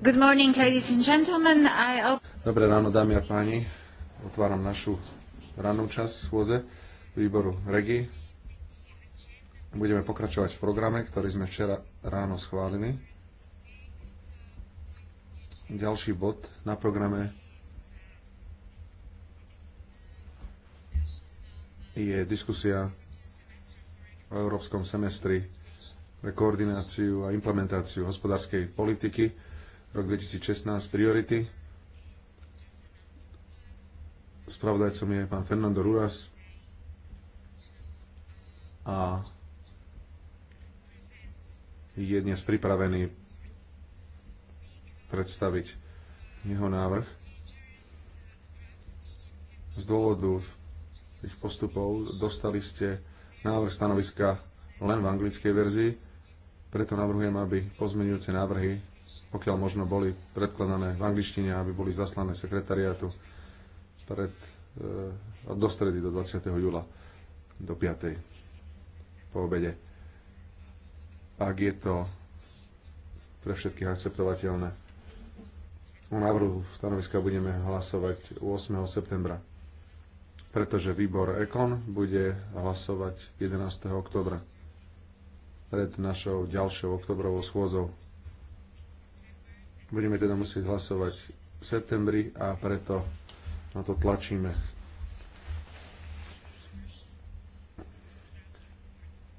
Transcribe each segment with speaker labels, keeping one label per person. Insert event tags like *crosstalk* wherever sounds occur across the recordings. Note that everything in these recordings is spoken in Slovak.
Speaker 1: Good morning, ladies and gentlemen. I... Dobré ráno, dámy a páni. Otváram našu rannú časť schôze výboru REGI. Budeme pokračovať v programe, ktorý sme včera ráno schválili. Ďalší bod na programe je diskusia o európskom semestri pre koordináciu a implementáciu hospodárskej politiky rok 2016, priority. Spravodajcom je pán Fernando Ruras a je dnes pripravený predstaviť jeho návrh. Z dôvodu tých postupov dostali ste návrh stanoviska len v anglickej verzii, preto navrhujem, aby pozmenujúce návrhy pokiaľ možno boli predkladané v angličtine, aby boli zaslané sekretariátu pred, e, do stredy, do 20. júla, do 5. po obede. Ak je to pre všetkých akceptovateľné. O návrhu stanoviska budeme hlasovať 8. septembra, pretože výbor EKON bude hlasovať 11. oktobra pred našou ďalšou oktobrovou schôzou. Budeme teda musieť hlasovať v septembri a preto na to tlačíme.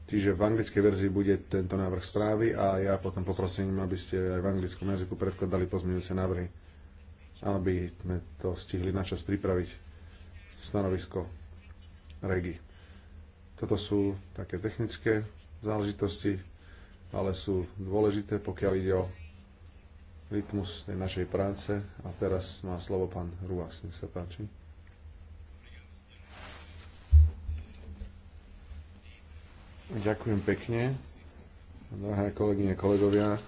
Speaker 1: Čiže v anglickej verzii bude tento návrh správy a ja potom poprosím, aby ste aj v anglickom jazyku predkladali pozmeňujúce návrhy, aby sme to stihli načas pripraviť stanovisko REGI. Toto sú také technické záležitosti, ale sú dôležité, pokiaľ ide o rytmus tej našej práce. A teraz má slovo pán Ruas, nech sa páči. Ďakujem pekne. Drahé kolegyne, kolegovia,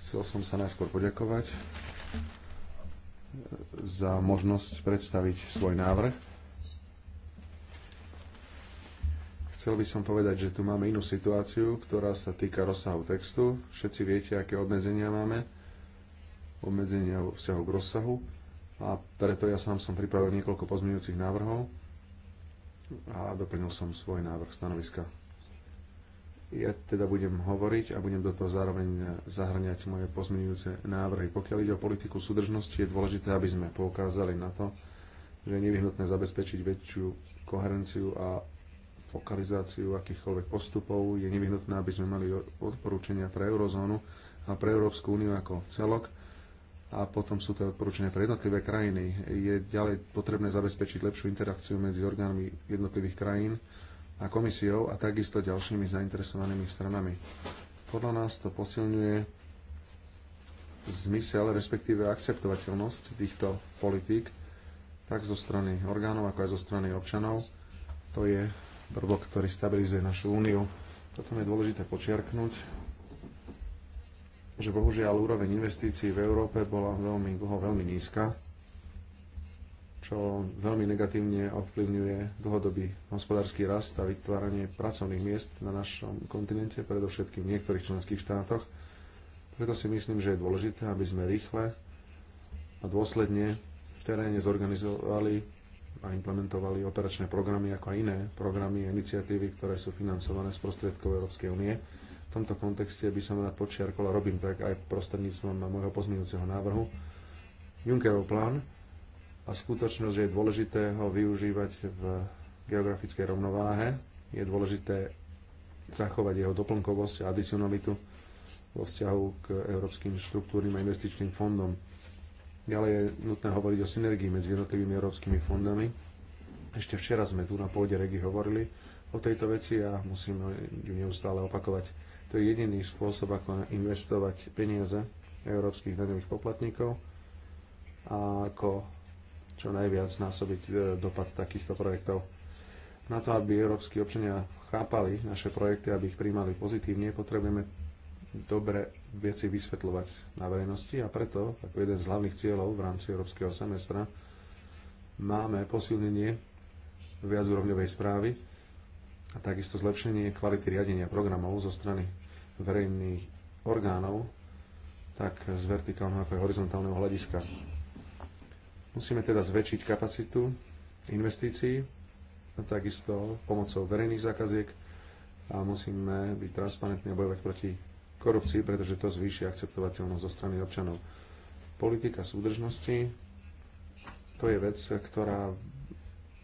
Speaker 1: chcel som sa najskôr poďakovať za možnosť predstaviť svoj návrh. Chcel by som povedať, že tu máme inú situáciu, ktorá sa týka rozsahu textu. Všetci viete, aké obmedzenia máme obmedzenia vo vzťahu k rozsahu a preto ja sám som pripravil niekoľko pozmeňujúcich návrhov a doplnil som svoj návrh stanoviska. Ja teda budem hovoriť a budem do toho zároveň zahrňať moje pozmeňujúce návrhy. Pokiaľ ide o politiku súdržnosti, je dôležité, aby sme poukázali na to, že je nevyhnutné zabezpečiť väčšiu koherenciu a lokalizáciu akýchkoľvek postupov. Je nevyhnutné, aby sme mali odporúčania pre eurozónu a pre Európsku úniu ako celok a potom sú to odporúčania pre jednotlivé krajiny. Je ďalej potrebné zabezpečiť lepšiu interakciu medzi orgánmi jednotlivých krajín a komisiou a takisto ďalšími zainteresovanými stranami. Podľa nás to posilňuje zmysel, respektíve akceptovateľnosť týchto politík, tak zo strany orgánov, ako aj zo strany občanov. To je prvok, ktorý stabilizuje našu úniu. Potom je dôležité počiarknúť, že bohužiaľ úroveň investícií v Európe bola veľmi dlho veľmi nízka, čo veľmi negatívne ovplyvňuje dlhodobý hospodársky rast a vytváranie pracovných miest na našom kontinente, predovšetkým v niektorých členských štátoch. Preto si myslím, že je dôležité, aby sme rýchle a dôsledne v teréne zorganizovali a implementovali operačné programy ako aj iné programy a iniciatívy, ktoré sú financované z prostriedkov Európskej únie v tomto kontexte by som rád počiarkol a robím tak aj prostredníctvom môjho pozmeňujúceho návrhu Junckerov plán a skutočnosť, že je dôležité ho využívať v geografickej rovnováhe, je dôležité zachovať jeho doplnkovosť a adicionalitu vo vzťahu k európskym štruktúrnym a investičným fondom. Ďalej je nutné hovoriť o synergii medzi jednotlivými európskymi fondami. Ešte včera sme tu na pôde Regi hovorili o tejto veci a musíme ju neustále opakovať. To je jediný spôsob, ako investovať peniaze európskych daňových poplatníkov a ako čo najviac násobiť e, dopad takýchto projektov. Na to, aby európsky občania chápali naše projekty, aby ich príjmali pozitívne, potrebujeme dobre veci vysvetľovať na verejnosti a preto, ako jeden z hlavných cieľov v rámci európskeho semestra, máme posilnenie viacúrovňovej správy, a takisto zlepšenie kvality riadenia programov zo strany verejných orgánov, tak z vertikálneho ako aj horizontálneho hľadiska. Musíme teda zväčšiť kapacitu investícií, a takisto pomocou verejných zákaziek a musíme byť transparentní a bojovať proti korupcii, pretože to zvýši akceptovateľnosť zo strany občanov. Politika súdržnosti, to je vec, ktorá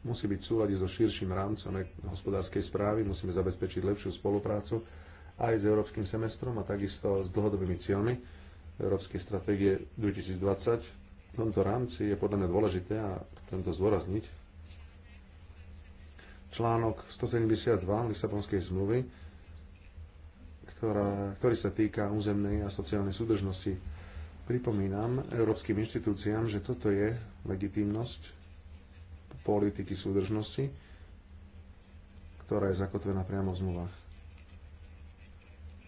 Speaker 1: musí byť v súlade so širším rámcom hospodárskej správy, musíme zabezpečiť lepšiu spoluprácu aj s európskym semestrom a takisto s dlhodobými cieľmi Európskej stratégie 2020. V tomto rámci je podľa mňa dôležité, a chcem to zdôrazniť, článok 172 Lisabonskej zmluvy, ktorá, ktorý sa týka územnej a sociálnej súdržnosti. Pripomínam európskym inštitúciám, že toto je legitímnosť politiky súdržnosti, ktorá je zakotvená priamo v zmluvách.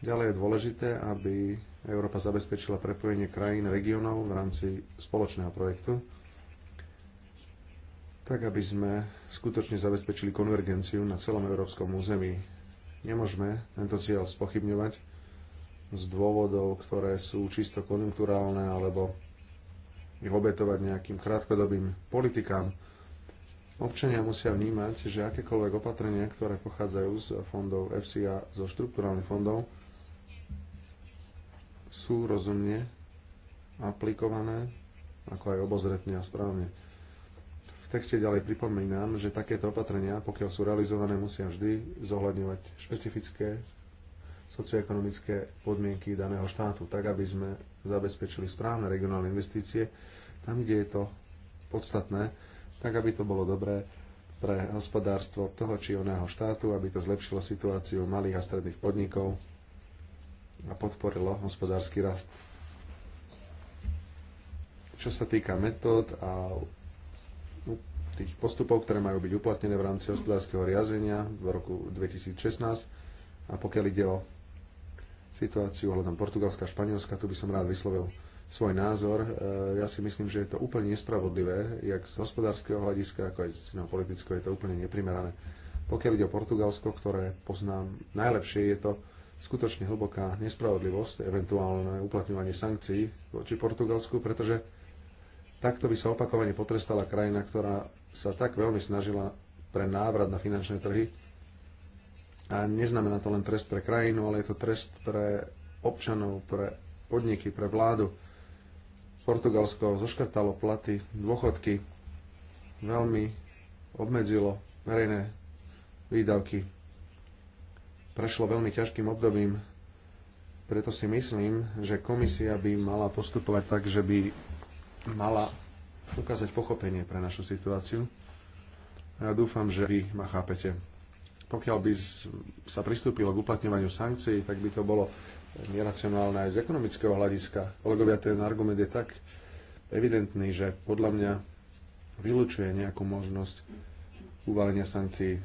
Speaker 1: Ďalej je dôležité, aby Európa zabezpečila prepojenie krajín, regionov v rámci spoločného projektu, tak aby sme skutočne zabezpečili konvergenciu na celom európskom území. Nemôžeme tento cieľ spochybňovať z dôvodov, ktoré sú čisto konjunkturálne alebo ich obetovať nejakým krátkodobým politikám. Občania musia vnímať, že akékoľvek opatrenia, ktoré pochádzajú z fondov FCA, zo štruktúrálnych fondov, sú rozumne aplikované, ako aj obozretne a správne. V texte ďalej pripomínam, že takéto opatrenia, pokiaľ sú realizované, musia vždy zohľadňovať špecifické socioekonomické podmienky daného štátu, tak aby sme zabezpečili správne regionálne investície tam, kde je to podstatné tak aby to bolo dobré pre hospodárstvo toho či oného štátu, aby to zlepšilo situáciu malých a stredných podnikov a podporilo hospodársky rast. Čo sa týka metód a tých postupov, ktoré majú byť uplatnené v rámci hospodárskeho riazenia v roku 2016 a pokiaľ ide o situáciu ohľadom Portugalska a Španielska, tu by som rád vyslovil svoj názor. E, ja si myslím, že je to úplne nespravodlivé, jak z hospodárskeho hľadiska, ako aj z no, politického, je to úplne neprimerané. Pokiaľ ide o Portugalsko, ktoré poznám najlepšie, je to skutočne hlboká nespravodlivosť, eventuálne uplatňovanie sankcií voči Portugalsku, pretože takto by sa opakovane potrestala krajina, ktorá sa tak veľmi snažila pre návrat na finančné trhy. A neznamená to len trest pre krajinu, ale je to trest pre občanov, pre podniky, pre vládu Portugalsko zoškrtalo platy, dôchodky, veľmi obmedzilo verejné výdavky. Prešlo veľmi ťažkým obdobím, preto si myslím, že komisia by mala postupovať tak, že by mala ukázať pochopenie pre našu situáciu. Ja dúfam, že vy ma chápete. Pokiaľ by sa pristúpilo k uplatňovaniu sankcií, tak by to bolo neracionálne aj z ekonomického hľadiska. Kolegovia, ten argument je tak evidentný, že podľa mňa vylučuje nejakú možnosť uvalenia sankcií.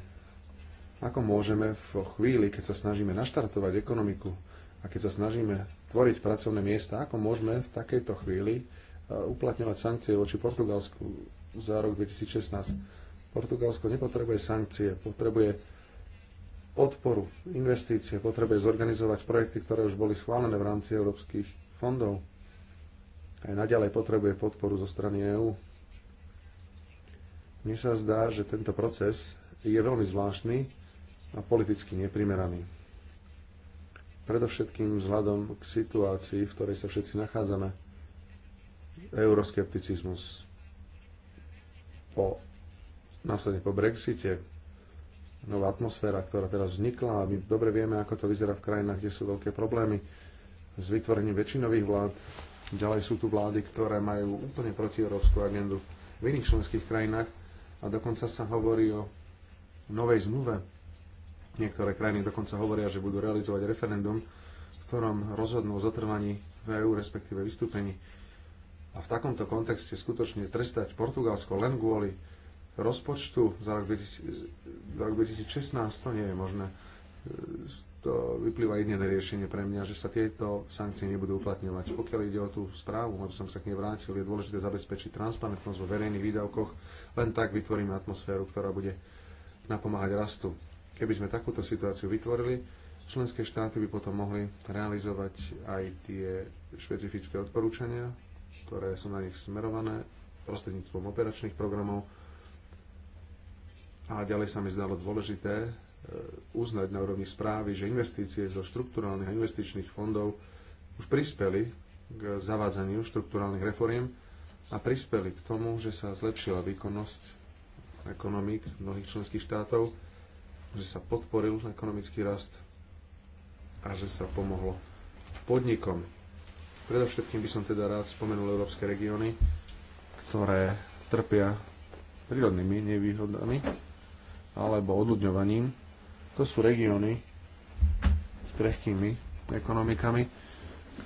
Speaker 1: Ako môžeme v chvíli, keď sa snažíme naštartovať ekonomiku a keď sa snažíme tvoriť pracovné miesta, ako môžeme v takejto chvíli e, uplatňovať sankcie voči Portugalsku za rok 2016. Portugalsko nepotrebuje sankcie, potrebuje podporu investície potrebuje zorganizovať projekty, ktoré už boli schválené v rámci európskych fondov. Aj naďalej potrebuje podporu zo strany EÚ. Mne sa zdá, že tento proces je veľmi zvláštny a politicky neprimeraný. Predovšetkým vzhľadom k situácii, v ktorej sa všetci nachádzame, euroskepticizmus po, následne po Brexite, nová atmosféra, ktorá teraz vznikla a my dobre vieme, ako to vyzerá v krajinách, kde sú veľké problémy s vytvorením väčšinových vlád. Ďalej sú tu vlády, ktoré majú úplne protieurópsku agendu v iných členských krajinách a dokonca sa hovorí o novej zmluve. Niektoré krajiny dokonca hovoria, že budú realizovať referendum, v ktorom rozhodnú o zotrvaní v EU, respektíve vystúpení. A v takomto kontexte skutočne trestať Portugalsko len kvôli rozpočtu za rok, 2000, za rok 2016, to nie je možné. To vyplýva jediné riešenie pre mňa, že sa tieto sankcie nebudú uplatňovať. Pokiaľ ide o tú správu, aby som sa k nej vrátil, je dôležité zabezpečiť transparentnosť vo verejných výdavkoch. Len tak vytvoríme atmosféru, ktorá bude napomáhať rastu. Keby sme takúto situáciu vytvorili, členské štáty by potom mohli realizovať aj tie špecifické odporúčania, ktoré sú na nich smerované prostredníctvom operačných programov a ďalej sa mi zdalo dôležité e, uznať na úrovni správy, že investície zo štrukturálnych a investičných fondov už prispeli k zavádzaniu štrukturálnych reforiem a prispeli k tomu, že sa zlepšila výkonnosť ekonomík mnohých členských štátov, že sa podporil ekonomický rast a že sa pomohlo podnikom. Predovšetkým by som teda rád spomenul európske regióny, ktoré trpia prírodnými nevýhodami alebo odľudňovaním. To sú regióny s krehkými ekonomikami,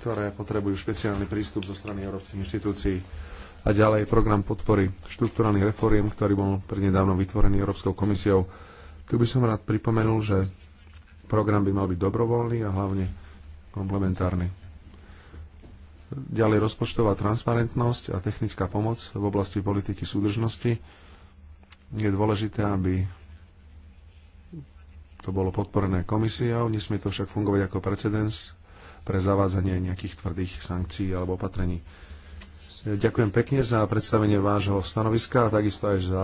Speaker 1: ktoré potrebujú špeciálny prístup zo strany európskych inštitúcií. A ďalej program podpory štrukturálnych reforiem, ktorý bol prednedávno vytvorený Európskou komisiou. Tu by som rád pripomenul, že program by mal byť dobrovoľný a hlavne komplementárny. Ďalej rozpočtová transparentnosť a technická pomoc v oblasti politiky súdržnosti. Je dôležité, aby to bolo podporené komisiou, nesmie to však fungovať ako precedens pre zavádzanie nejakých tvrdých sankcií alebo opatrení. Ďakujem pekne za predstavenie vášho stanoviska a takisto aj za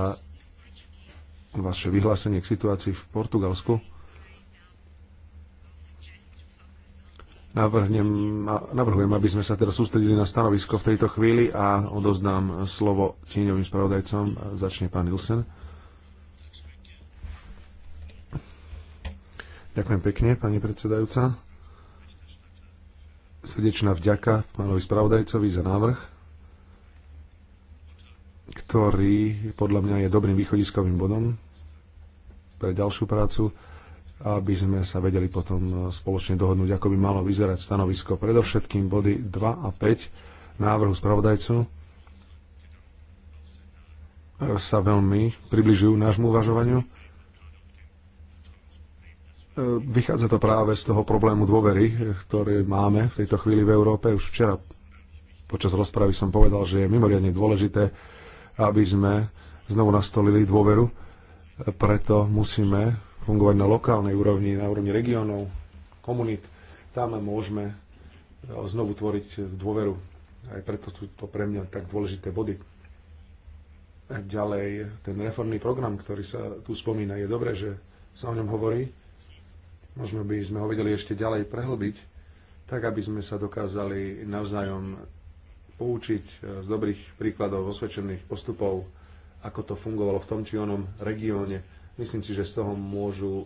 Speaker 1: vaše vyhlásenie k situácii v Portugalsku. Navrhnem, navrhujem, aby sme sa teraz sústredili na stanovisko v tejto chvíli a odozdám slovo tieňovým spravodajcom. Začne pán Ilsen. Ďakujem pekne, pani predsedajúca. Srdečná vďaka pánovi spravodajcovi za návrh, ktorý podľa mňa je dobrým východiskovým bodom pre ďalšiu prácu, aby sme sa vedeli potom spoločne dohodnúť, ako by malo vyzerať stanovisko. Predovšetkým body 2 a 5 návrhu spravodajcu sa veľmi približujú nášmu uvažovaniu E, vychádza to práve z toho problému dôvery, e, ktorý máme v tejto chvíli v Európe. Už včera počas rozpravy som povedal, že je mimoriadne dôležité, aby sme znovu nastolili dôveru. E, preto musíme fungovať na lokálnej úrovni, na úrovni regiónov, komunít. Tam môžeme znovu tvoriť dôveru. Aj preto sú to pre mňa tak dôležité body. Ďalej, ten reformný program, ktorý sa tu spomína, je dobré, že sa o ňom hovorí. Možno by sme ho vedeli ešte ďalej prehlbiť, tak aby sme sa dokázali navzájom poučiť e, z dobrých príkladov, osvedčených postupov, ako to fungovalo v tom či onom regióne. Myslím si, že z toho môžu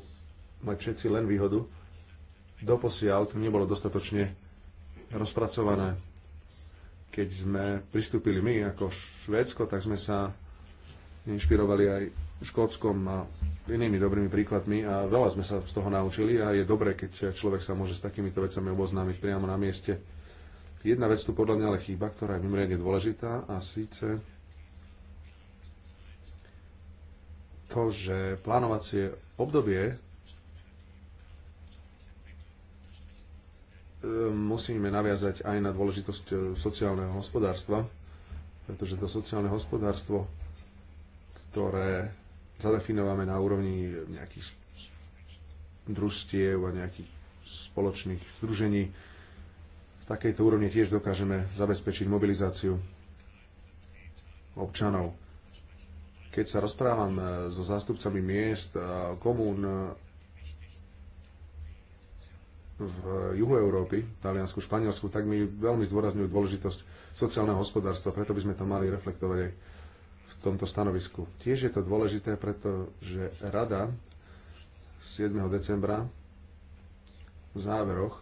Speaker 1: mať všetci len výhodu. Doposiaľ to nebolo dostatočne rozpracované. Keď sme pristúpili my ako Švédsko, tak sme sa inšpirovali aj Škótskom a inými dobrými príkladmi a veľa sme sa z toho naučili a je dobré, keď človek sa môže s takýmito vecami oboznámiť priamo na mieste. Jedna vec tu podľa mňa ale chýba, ktorá je mimoriadne dôležitá a síce to, že plánovacie obdobie e, musíme naviazať aj na dôležitosť e, sociálneho hospodárstva, pretože to sociálne hospodárstvo, ktoré zadefinujeme na úrovni nejakých družstiev a nejakých spoločných združení. Z takejto úrovne tiež dokážeme zabezpečiť mobilizáciu občanov. Keď sa rozprávam eh, so zástupcami miest a komún eh, v juhu Európy, Taliansku, Španielsku, tak mi veľmi zdôrazňujú dôležitosť sociálneho hospodárstva, preto by sme to mali reflektovať aj v tomto stanovisku. Tiež je to dôležité, pretože Rada 7. decembra v záveroch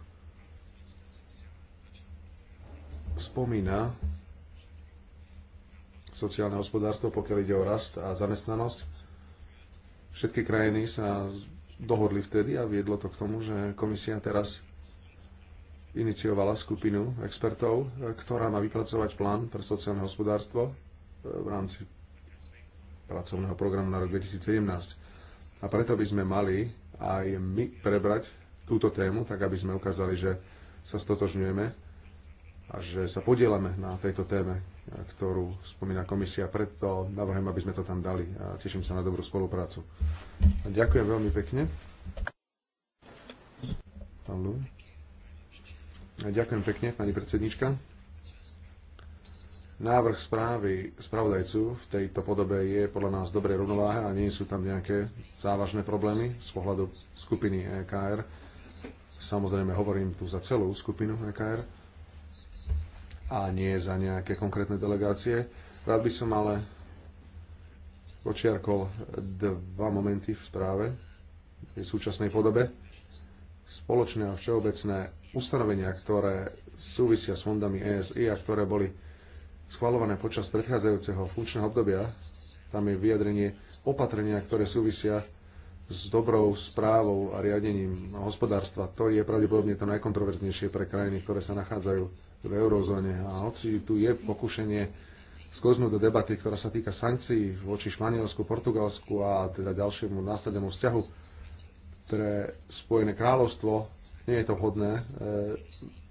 Speaker 1: spomína sociálne hospodárstvo, pokiaľ ide o rast a zamestnanosť. Všetky krajiny sa dohodli vtedy a viedlo to k tomu, že komisia teraz iniciovala skupinu expertov, ktorá má vypracovať plán pre sociálne hospodárstvo e, v rámci pracovného programu na rok 2017. A preto by sme mali aj my prebrať túto tému, tak aby sme ukázali, že sa stotožňujeme a že sa podielame na tejto téme, ktorú spomína komisia. Preto navrhujem, aby sme to tam dali a teším sa na dobrú spoluprácu. A ďakujem veľmi pekne. Ďakujem pekne, pani predsednička. Návrh správy spravodajcu v tejto podobe je podľa nás dobre rovnováhe a nie sú tam nejaké závažné problémy z pohľadu skupiny EKR. Samozrejme, hovorím tu za celú skupinu EKR a nie za nejaké konkrétne delegácie. Rád by som ale počiarkol dva momenty v správe v súčasnej podobe. Spoločné a všeobecné ustanovenia, ktoré súvisia s fondami ESI a ktoré boli schvalované počas predchádzajúceho funkčného obdobia, tam je vyjadrenie opatrenia, ktoré súvisia s dobrou správou a riadením hospodárstva. To je pravdepodobne to najkontroverznejšie pre krajiny, ktoré sa nachádzajú v eurozóne. A hoci tu je pokušenie skoznúť do debaty, ktorá sa týka sankcií voči Španielsku, Portugalsku a teda ďalšiemu následnému vzťahu pre Spojené kráľovstvo, nie je to hodné. E, eh,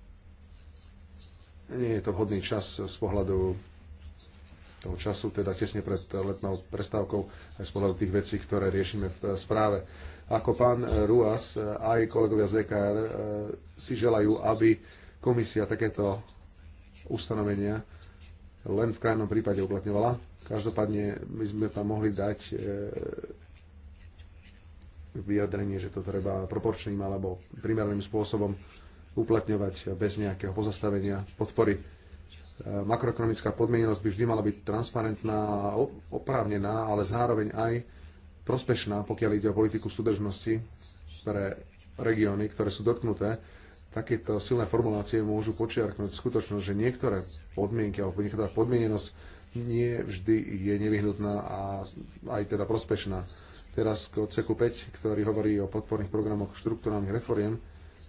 Speaker 1: nie je to vhodný čas z pohľadu toho času, teda tesne pred letnou prestávkou, aj z pohľadu tých vecí, ktoré riešime v správe. Ako pán Ruas, aj kolegovia z EKR eh, si želajú, aby komisia takéto ustanovenia len v krajnom prípade uplatňovala. Každopádne my sme tam mohli dať eh, vyjadrenie, že to treba proporčným alebo primerným spôsobom uplatňovať bez nejakého pozastavenia podpory. E, makroekonomická podmienenosť by vždy mala byť transparentná a oprávnená, ale zároveň aj prospešná, pokiaľ ide o politiku súdržnosti pre regióny, ktoré sú dotknuté. Takéto silné formulácie môžu počiarknúť skutočnosť, že niektoré podmienky alebo niektorá podmienenosť nie vždy je nevyhnutná a aj teda prospešná. Teraz k odseku 5, ktorý hovorí o podporných programoch štruktúrnych reforiem,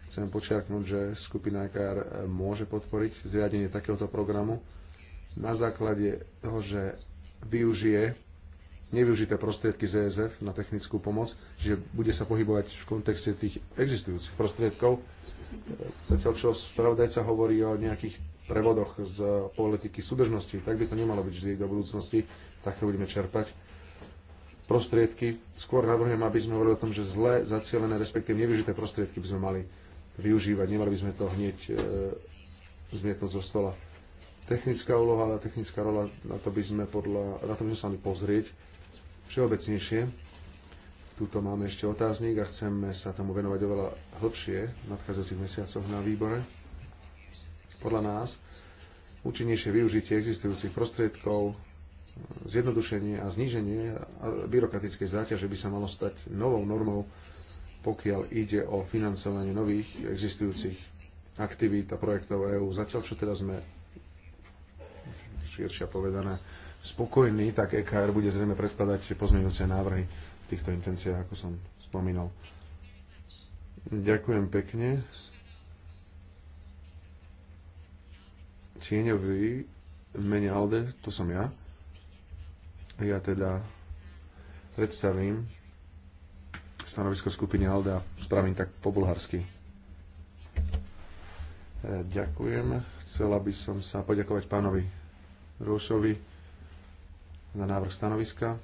Speaker 1: Chcem počiarknúť, že skupina EKR môže podporiť zriadenie takéhoto programu na základe toho, že využije nevyužité prostriedky ZSF e na technickú pomoc, že bude sa pohybovať v kontexte tých existujúcich prostriedkov. Zatiaľ, čo spravodajca hovorí o nejakých prevodoch z politiky súdržnosti, tak by to nemalo byť vždy do budúcnosti, tak to budeme čerpať prostriedky. Skôr navrhujem, aby sme hovorili o tom, že zle zacielené, respektíve nevyužité prostriedky by sme mali využívať. Nemali by sme to hneď e, zmietnúť zo stola. Technická úloha, technická rola, na to by sme, podľa, na to by sme sa mali pozrieť všeobecnejšie. Tuto máme ešte otáznik a chceme sa tomu venovať oveľa hĺbšie v nadchádzajúcich mesiacoch na výbore. Podľa nás účinnejšie využitie existujúcich prostriedkov, zjednodušenie a zníženie byrokratickej záťaže by sa malo stať novou normou pokiaľ ide o financovanie nových existujúcich aktivít a projektov EÚ. Zatiaľ, čo teda sme širšia povedané spokojní, tak EKR bude zrejme predkladať pozmeňujúce návrhy v týchto intenciách, ako som spomínal. Ďakujem pekne. Tieňový mene Alde, to som ja. Ja teda predstavím stanovisko skupiny a spravím tak po bulharsky. E, ďakujem. Chcela by som sa poďakovať pánovi Rúšovi za návrh stanoviska.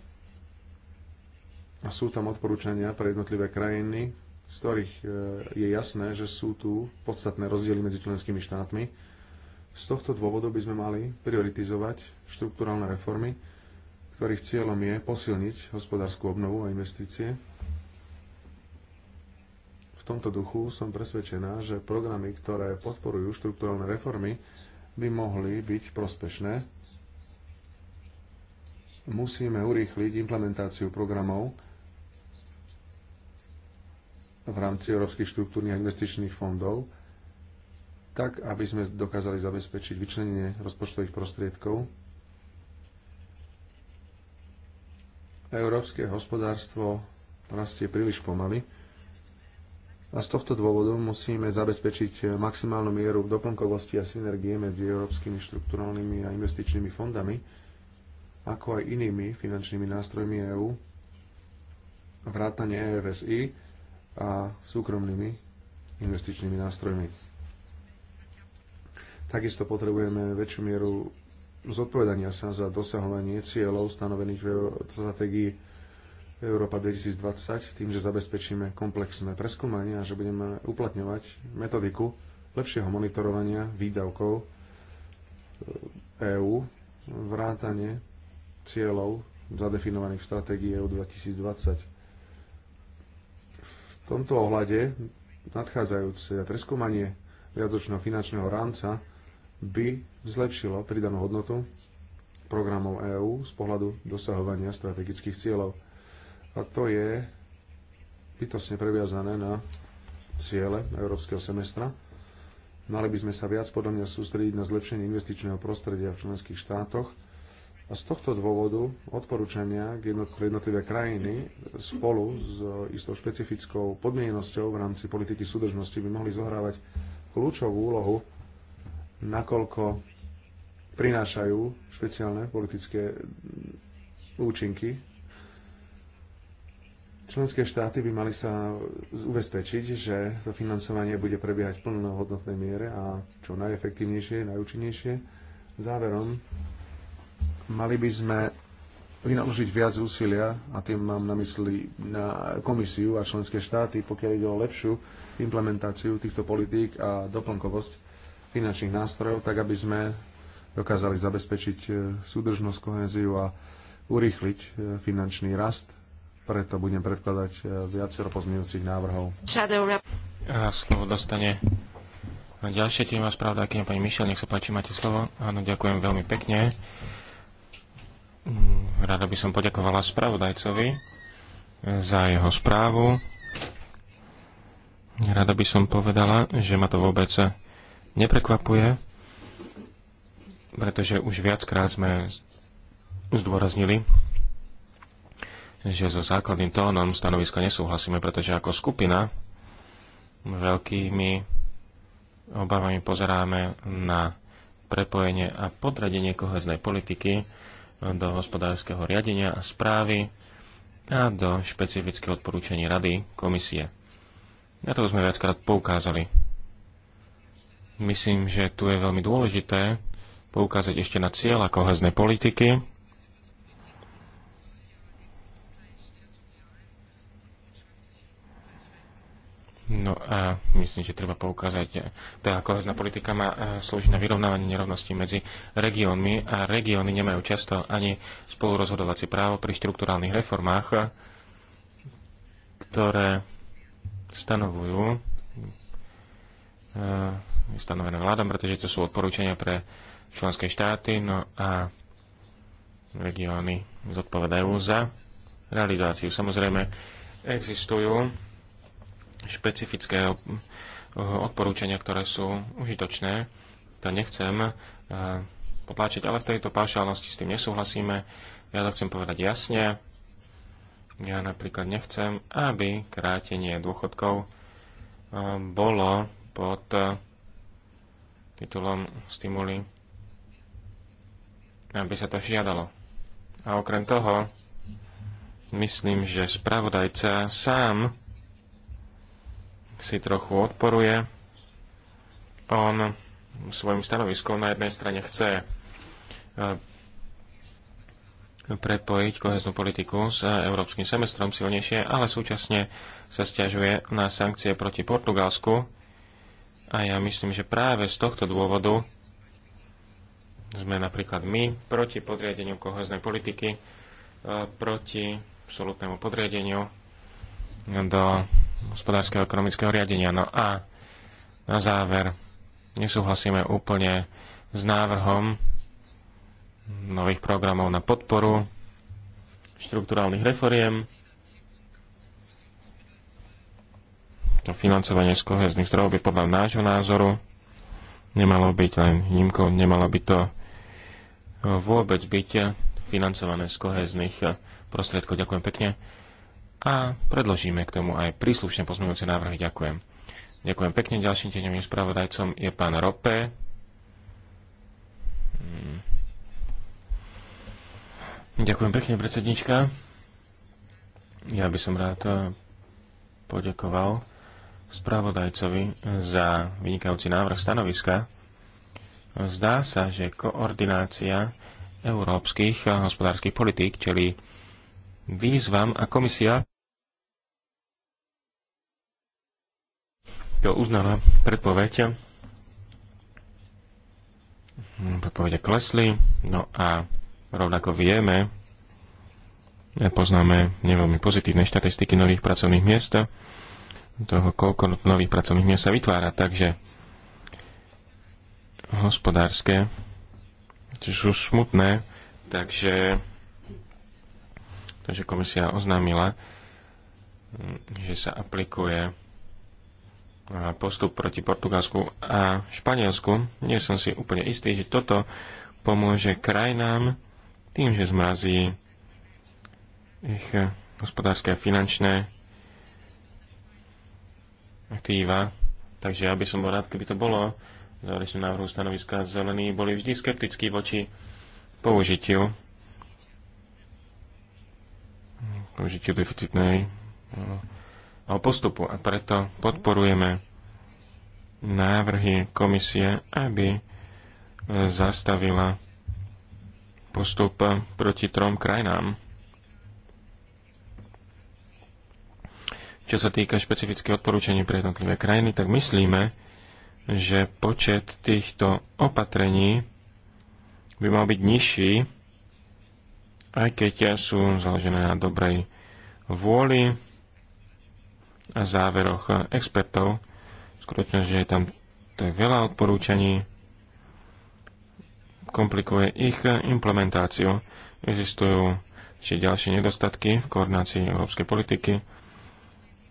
Speaker 1: A sú tam odporúčania pre jednotlivé krajiny, z ktorých e, je jasné, že sú tu podstatné rozdiely medzi členskými štátmi. Z tohto dôvodu by sme mali prioritizovať štruktúralne reformy, ktorých cieľom je posilniť hospodárskú obnovu a investície tomto duchu som presvedčená, že programy, ktoré podporujú štruktúralne reformy, by mohli byť prospešné. Musíme urýchliť implementáciu programov v rámci Európskych štruktúrnych a investičných fondov, tak aby sme dokázali zabezpečiť vyčlenenie rozpočtových prostriedkov. Európske hospodárstvo rastie príliš pomaly a z tohto dôvodu musíme zabezpečiť maximálnu mieru doplnkovosti a synergie medzi európskymi štrukturálnymi a investičnými fondami, ako aj inými finančnými nástrojmi EÚ, vrátane ERSI a súkromnými investičnými nástrojmi. Takisto potrebujeme väčšiu mieru zodpovedania sa za dosahovanie cieľov stanovených v stratégii Európa 2020 tým, že zabezpečíme komplexné preskúmanie a že budeme uplatňovať metodiku lepšieho monitorovania výdavkov EÚ, e vrátanie cieľov zadefinovaných v stratégii EU 2020. V tomto ohľade nadchádzajúce preskúmanie viacročného finančného rámca by zlepšilo pridanú hodnotu programov EÚ z pohľadu dosahovania strategických cieľov a to je bytosne previazané na ciele európskeho semestra. Mali by sme sa viac podľa mňa sústrediť na zlepšenie investičného prostredia v členských štátoch a z tohto dôvodu odporúčania pre jednotlivé krajiny spolu s istou špecifickou podmienenosťou v rámci politiky súdržnosti by mohli zohrávať kľúčovú úlohu, nakoľko prinášajú špeciálne politické účinky Členské štáty by mali sa ubezpečiť, že to financovanie bude prebiehať v plnohodnotnej miere a čo najefektívnejšie, najúčinnejšie. Záverom, mali by sme vynaložiť viac úsilia, a tým mám na mysli na komisiu a členské štáty, pokiaľ ide o lepšiu implementáciu týchto politík a doplnkovosť finančných nástrojov, tak aby sme dokázali zabezpečiť e, súdržnosť, kohéziu a urýchliť e, finančný rast preto budem predkladať e, viacero pozmeňujúcich návrhov.
Speaker 2: A slovo dostane a ďalšie téma správda, akým pani Mišel, nech sa páči, máte slovo. Áno, ďakujem veľmi pekne. Mm, rada by som poďakovala spravodajcovi e, za jeho správu. Rada by som povedala, že ma to vôbec neprekvapuje, pretože už viackrát sme zdôraznili že so základným tónom stanoviska nesúhlasíme, pretože ako skupina veľkými obavami pozeráme na prepojenie a podradenie koheznej politiky do hospodárskeho riadenia a správy a do špecifického odporúčaní Rady komisie. Na to sme viackrát poukázali. Myslím, že tu je veľmi dôležité poukázať ešte na cieľa koheznej politiky, No a myslím, že treba poukázať, tá kohezná politika má e, slúži na vyrovnávanie nerovností medzi regiónmi a regióny nemajú často ani spolurozhodovacie právo pri štruktúrálnych reformách, ktoré stanovujú e, stanovené vládom, pretože to sú odporúčania pre členské štáty, no a regióny zodpovedajú za realizáciu. Samozrejme, existujú špecifické eh, odporúčania, ktoré sú užitočné. To nechcem eh, potláčiť, ale v tejto paušálnosti s tým nesúhlasíme. Ja to chcem povedať jasne. Ja napríklad nechcem, aby krátenie dôchodkov eh, bolo pod titulom stimuli, aby sa to žiadalo. A okrem toho, myslím, že spravodajca sám si trochu odporuje. On svojim stanoviskom na jednej strane chce e, prepojiť koheznú politiku s európskym semestrom silnejšie, ale súčasne sa stiažuje na sankcie proti Portugalsku. A ja myslím, že práve z tohto dôvodu sme napríklad my proti podriadeniu koheznej politiky, e, proti absolútnemu podriadeniu do hospodárskeho ekonomického riadenia. No a na záver nesúhlasíme úplne s návrhom nových programov na podporu štruktúrálnych reforiem, to financovanie z kohezných zdrojov by podľa nášho názoru nemalo byť len výnimkou, nemalo by to vôbec byť financované z kohezných prostriedkov. Ďakujem pekne a predložíme k tomu aj príslušne pozmeňujúce návrhy. Ďakujem. Ďakujem pekne. Ďalším tieňovým spravodajcom je pán Rope. Hmm. Ďakujem pekne, predsednička. Ja by som rád poďakoval spravodajcovi za vynikajúci návrh stanoviska. Zdá sa, že koordinácia európskych hospodárskych politík čili výzvam a komisia uznala predpoveď. Predpovede klesli. No a rovnako vieme, poznáme neveľmi pozitívne štatistiky nových pracovných miest, toho, koľko nových pracovných miest sa vytvára. Takže hospodárske sú smutné, takže, takže komisia oznámila, že sa aplikuje postup proti Portugalsku a Španielsku, nie som si úplne istý, že toto pomôže krajinám tým, že zmrazí ich hospodárske a finančné aktíva. Takže ja by som bol rád, keby to bolo. Zavreli som návrhu stanoviska zelení, boli vždy skeptickí voči použitiu použitiu deficitnej postupu a preto podporujeme návrhy komisie, aby e, zastavila postup proti trom krajinám. Čo sa týka špecifických odporúčaní pre jednotlivé krajiny, tak myslíme, že počet týchto opatrení by mal byť nižší, aj keď sú založené na dobrej vôli, a záveroch expertov. Skutočne, že je tam je veľa odporúčaní, komplikuje ich implementáciu. Existujú ešte ďalšie nedostatky v koordinácii európskej politiky,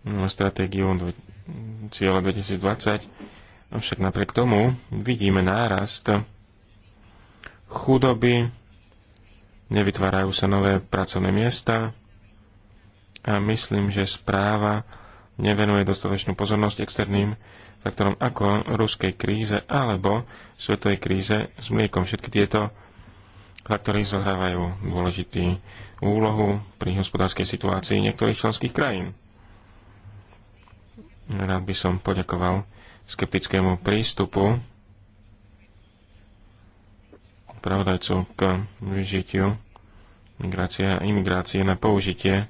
Speaker 2: no, stratégiu cieľa 2020. Avšak napriek tomu vidíme nárast chudoby, nevytvárajú sa nové pracovné miesta a myslím, že správa nevenuje dostatočnú pozornosť externým faktorom ako ruskej kríze alebo svetovej kríze s mliekom. Všetky tieto faktory zohrávajú dôležitý úlohu pri hospodárskej situácii niektorých členských krajín. Rád by som poďakoval skeptickému prístupu pravodajcu k využitiu migrácie a imigrácie na použitie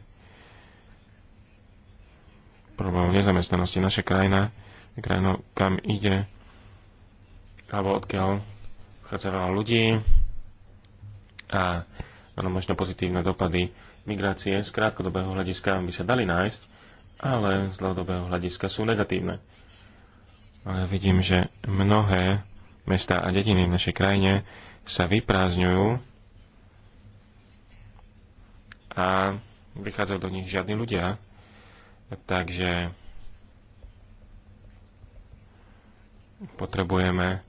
Speaker 2: problémov nezamestnanosti. Naša krajina, krajina, kam ide, alebo odkiaľ vchádza veľa ľudí a ano, možno pozitívne dopady migrácie z krátkodobého hľadiska by sa dali nájsť, ale z dlhodobého hľadiska sú negatívne. Ale vidím, že mnohé mesta a dediny v našej krajine sa vyprázdňujú a vychádzajú do nich žiadni ľudia. Takže potrebujeme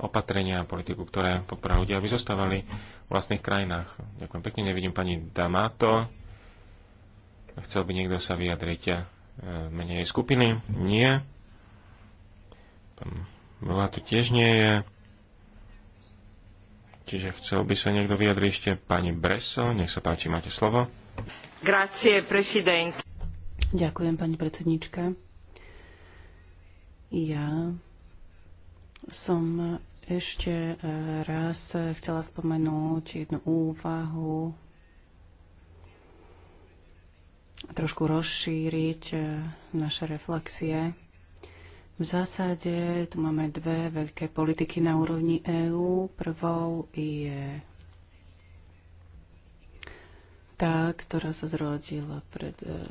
Speaker 2: opatrenia a politiku, ktoré podporia ľudia, aby zostávali v vlastných krajinách. Ďakujem pekne, nevidím pani Damato. Chcel by niekto sa vyjadriť eh, menej skupiny? Nie. Pán Mila tu tiež nie je. Čiže chcel by sa niekto vyjadriť ešte pani Breso. Nech sa páči, máte slovo.
Speaker 3: Grazie, presidente. Ďakujem, pani predsednička. Ja som ešte raz chcela spomenúť jednu úvahu, trošku rozšíriť naše reflexie. V zásade tu máme dve veľké politiky na úrovni EÚ. Prvou je tá, ktorá sa zrodila pred e,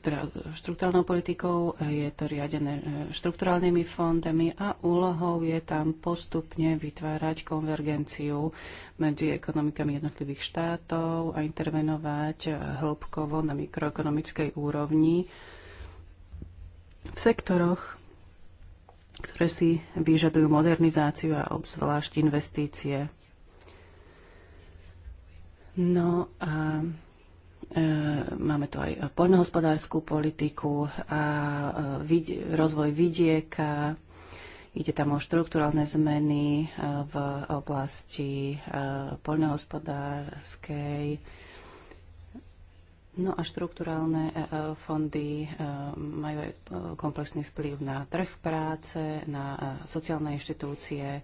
Speaker 3: teda štruktúrnou politikou, e, je to riadené e, štruktúrálnymi fondami a úlohou je tam postupne vytvárať konvergenciu medzi ekonomikami jednotlivých štátov a intervenovať hĺbkovo na mikroekonomickej úrovni v sektoroch, ktoré si vyžadujú modernizáciu a obzvlášť investície. No a E, máme tu aj poľnohospodárskú politiku a e, rozvoj vidieka. Ide tam o štruktúralne zmeny e, v oblasti poľnohospodárskej. No a štruktúrálne fondy majú aj komplexný vplyv na trh práce, na sociálne inštitúcie,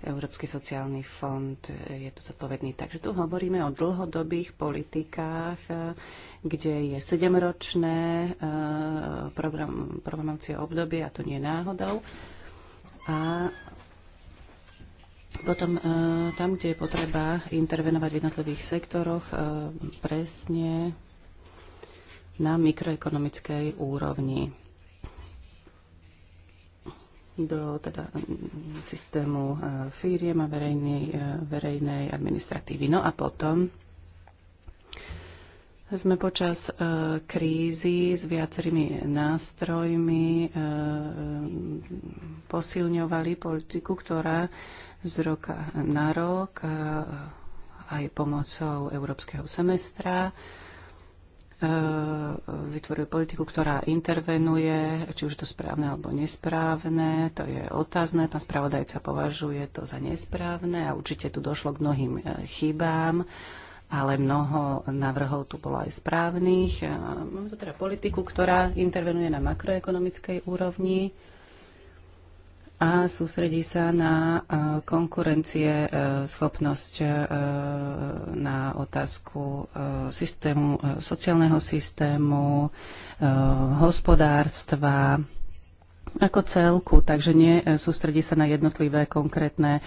Speaker 3: Európsky sociálny fond je tu zodpovedný. Takže tu hovoríme o dlhodobých politikách, kde je sedemročné eh, program, programovacie obdobie a to nie náhodou. A potom eh, tam, kde je potreba intervenovať v jednotlivých sektoroch, eh, presne na mikroekonomickej úrovni do teda, mm, systému e, firiem a verejnej, verejnej administratívy. No a potom sme počas e, krízy s viacerými nástrojmi e, posilňovali politiku, ktorá z roka na rok aj pomocou európskeho semestra E, vytvoril politiku, ktorá intervenuje, či už je to správne alebo nesprávne, to je otázne. Pán spravodajca považuje to za nesprávne a určite tu došlo k mnohým e, chybám, ale mnoho návrhov tu bolo aj správnych. E, máme tu teda politiku, ktorá intervenuje na makroekonomickej úrovni a sústredí sa na e, konkurencie, e, schopnosť e, na otázku systému, sociálneho systému, hospodárstva, ako celku, takže nie sústredí sa na jednotlivé konkrétne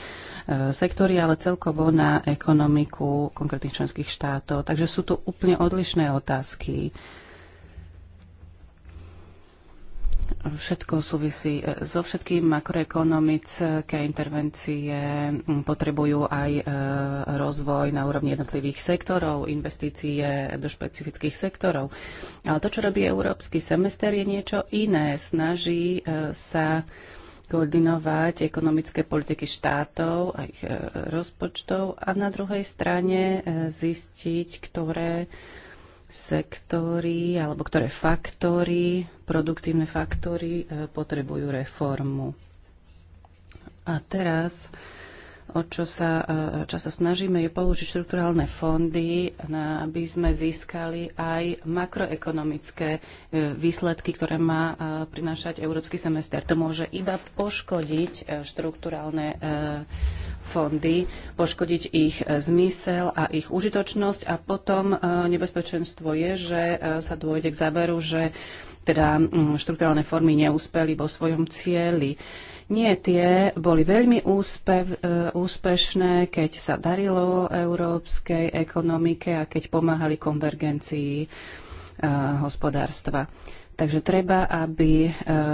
Speaker 3: sektory, ale celkovo na ekonomiku konkrétnych členských štátov. Takže sú to úplne odlišné otázky. Všetko súvisí e, so všetkým. Makroekonomické intervencie potrebujú aj e, rozvoj na úrovni jednotlivých sektorov, investície do špecifických sektorov. Ale to, čo robí Európsky semester, je niečo iné. Snaží e, sa koordinovať ekonomické politiky štátov a ich rozpočtov a na druhej strane zistiť, ktoré sektory alebo ktoré faktory, produktívne faktory e, potrebujú reformu. A teraz o čo sa e, často snažíme, je použiť štrukturálne fondy, aby sme získali aj makroekonomické e, výsledky, ktoré má e, prinášať európsky semester. To môže iba poškodiť štrukturálne fondy, poškodiť ich zmysel a ich užitočnosť a potom nebezpečenstvo je, že sa dôjde k záveru, že teda štrukturálne formy neúspeli vo svojom cieli. Nie, tie boli veľmi úspev, e, úspešné, keď sa darilo európskej ekonomike a keď pomáhali konvergencii e, hospodárstva. Takže treba, aby, e,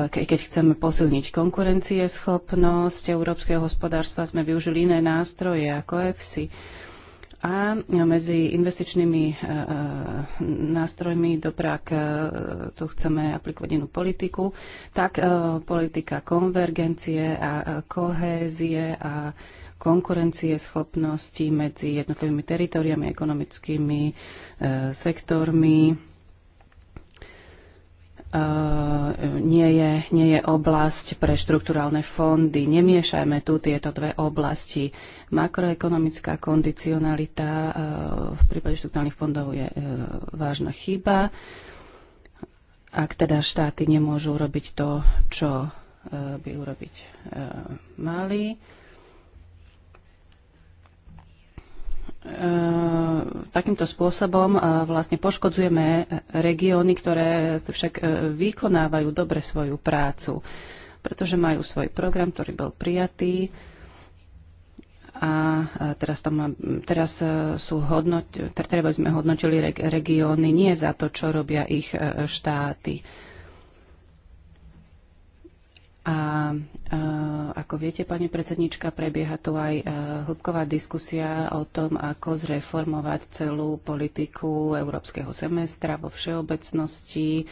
Speaker 3: keď chceme posilniť konkurencieschopnosť európskeho hospodárstva, sme využili iné nástroje ako EFSI a medzi investičnými e, e, nástrojmi doprak e, tu chceme aplikovať inú politiku, tak politika konvergencie a kohézie a konkurencie schopnosti medzi jednotlivými teritoriami, ekonomickými sektormi, E, nie je, nie je oblasť pre štrukturálne fondy. Nemiešajme tu tieto dve oblasti. Makroekonomická kondicionalita e, v prípade štruktúrálnych fondov je e, vážna chyba. Ak teda štáty nemôžu robiť to, čo by urobiť mali, E, takýmto spôsobom e, vlastne poškodzujeme regióny, ktoré však e, vykonávajú dobre svoju prácu, pretože majú svoj program, ktorý bol prijatý a teraz, má, teraz sú hodnot, treba sme hodnotili regióny nie za to, čo robia ich štáty a ako viete, pani predsednička, prebieha tu aj e, hĺbková diskusia o tom, ako zreformovať celú politiku európskeho semestra vo všeobecnosti,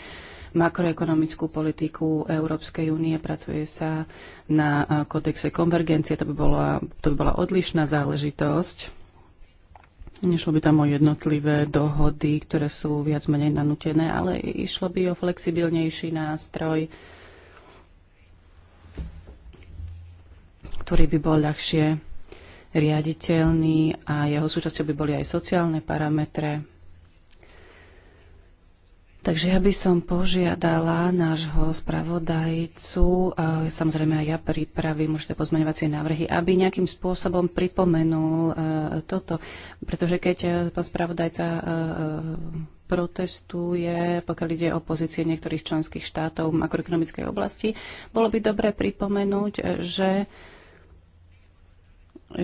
Speaker 3: makroekonomickú politiku Európskej únie. Pracuje sa na e, kodexe konvergencie. To by bola, to by bola odlišná záležitosť. Nešlo by tam o jednotlivé dohody, ktoré sú viac menej nanútené, ale išlo by o flexibilnejší nástroj, ktorý by bol ľahšie riaditeľný a jeho súčasťou by boli aj sociálne parametre. Takže ja by som požiadala nášho spravodajcu, a samozrejme aj ja pripravím už tie pozmeňovacie návrhy, aby nejakým spôsobom pripomenul e, toto. Pretože keď e, pán spravodajca e, protestuje, pokiaľ ide o pozície niektorých členských štátov v makroekonomickej oblasti, bolo by dobre pripomenúť, že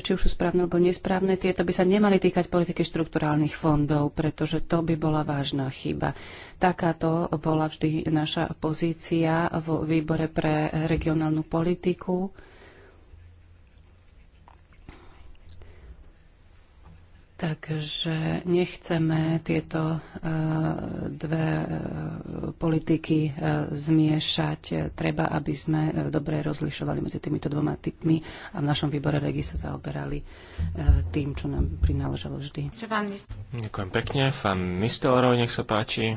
Speaker 3: či už sú správne alebo nesprávne, tieto by sa nemali týkať politiky štrukturálnych fondov, pretože to by bola vážna chyba. Takáto bola vždy naša pozícia vo výbore pre regionálnu politiku. Takže nechceme tieto e, dve e, politiky e, zmiešať. Treba, aby sme dobre rozlišovali medzi týmito dvoma typmi a v našom výbore regi sa zaoberali tým, čo nám prináležalo vždy.
Speaker 2: Ďakujem pekne. Pán Nistelorov, nech sa páči.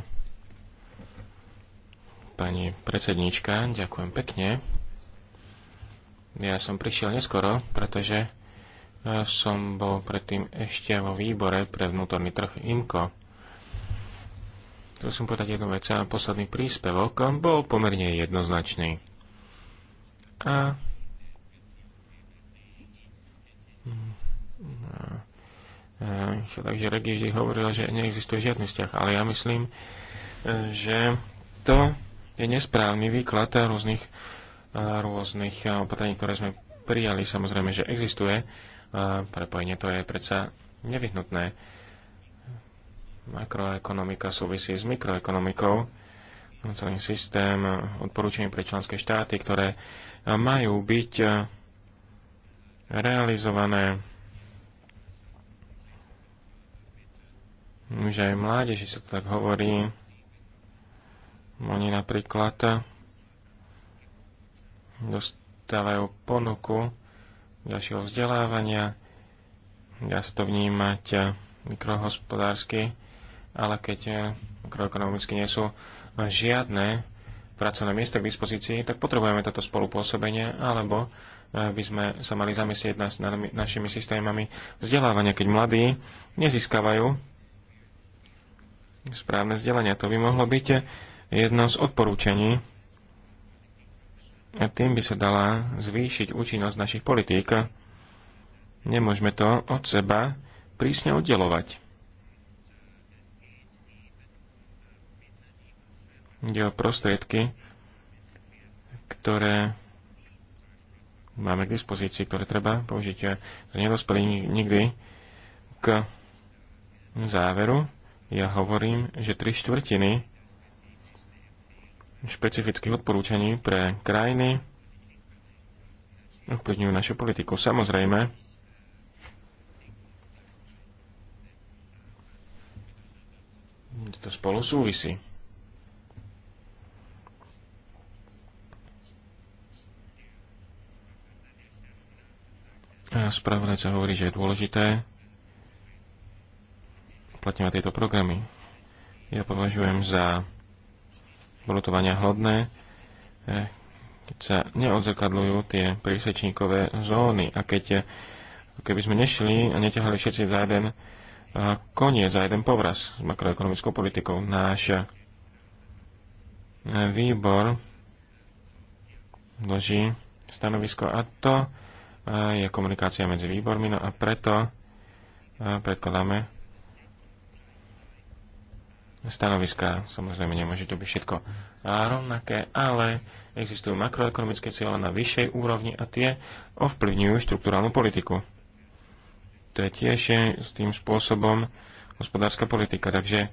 Speaker 2: Pani predsedníčka, ďakujem pekne. Ja som prišiel neskoro, pretože som bol predtým ešte vo výbore pre vnútorný trh IMCO. Chcel som povedať jednu vec a posledný príspevok bol pomerne jednoznačný. Mm. A takže Regi vždy hovorila, že neexistuje žiadny vzťah, ale ja myslím, že to je nesprávny výklad rôznych, rôznych opatrení, ktoré sme prijali. Samozrejme, že existuje prepojenie to je predsa nevyhnutné. Makroekonomika súvisí s mikroekonomikou, celý systém odporúčaní pre členské štáty, ktoré majú byť realizované že aj mládeži sa to tak hovorí. Oni napríklad dostávajú ponuku ďalšieho vzdelávania. Dá sa to vnímať eh, mikrohospodársky, ale keď eh, mikroekonomicky nie sú žiadne pracovné miesta k dispozícii, tak potrebujeme toto spolupôsobenie, alebo eh, by sme sa mali zamyslieť na, na, našimi systémami vzdelávania, keď mladí nezískavajú správne vzdelania. To by mohlo byť jedno z odporúčaní a tým by sa dala zvýšiť účinnosť našich politík. Nemôžeme to od seba prísne oddelovať. Ide o prostriedky, ktoré máme k dispozícii, ktoré treba použiť. nedospeli nikdy k záveru. Ja hovorím, že tri štvrtiny špecifických odporúčaní pre krajiny ovplyvňujú našu politiku. Samozrejme, to spolu súvisí. A sa hovorí, že je dôležité uplatňovať tieto programy. Ja považujem za brutovania hlodné, e, keď sa neodzakadľujú tie prísečníkové zóny a keď e, keby sme nešli a neťahali všetci za jeden e, konie, za jeden povraz s makroekonomickou politikou. Náš výbor dlží stanovisko a to je komunikácia medzi výbormi, no a preto predkladáme stanoviska. Samozrejme, nemôže to byť všetko rovnaké, ale existujú makroekonomické cieľe na vyššej úrovni a tie ovplyvňujú štruktúrálnu politiku. To je tiež s tým spôsobom hospodárska politika, takže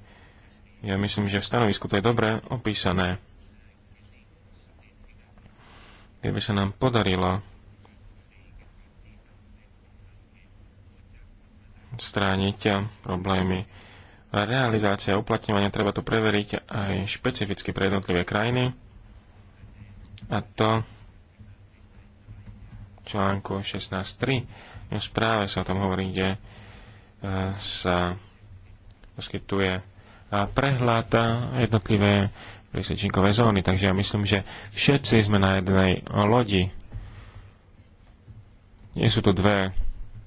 Speaker 2: ja myslím, že v stanovisku to je dobre opísané. Keby sa nám podarilo strániť eh, problémy realizácia a uplatňovania treba tu preveriť aj špecificky pre jednotlivé krajiny. A to článku 16.3. V správe sa o tom hovorí, kde e, sa poskytuje e, prehľad e, jednotlivé prísečníkové zóny. Takže ja myslím, že všetci sme na jednej lodi. Nie sú to dve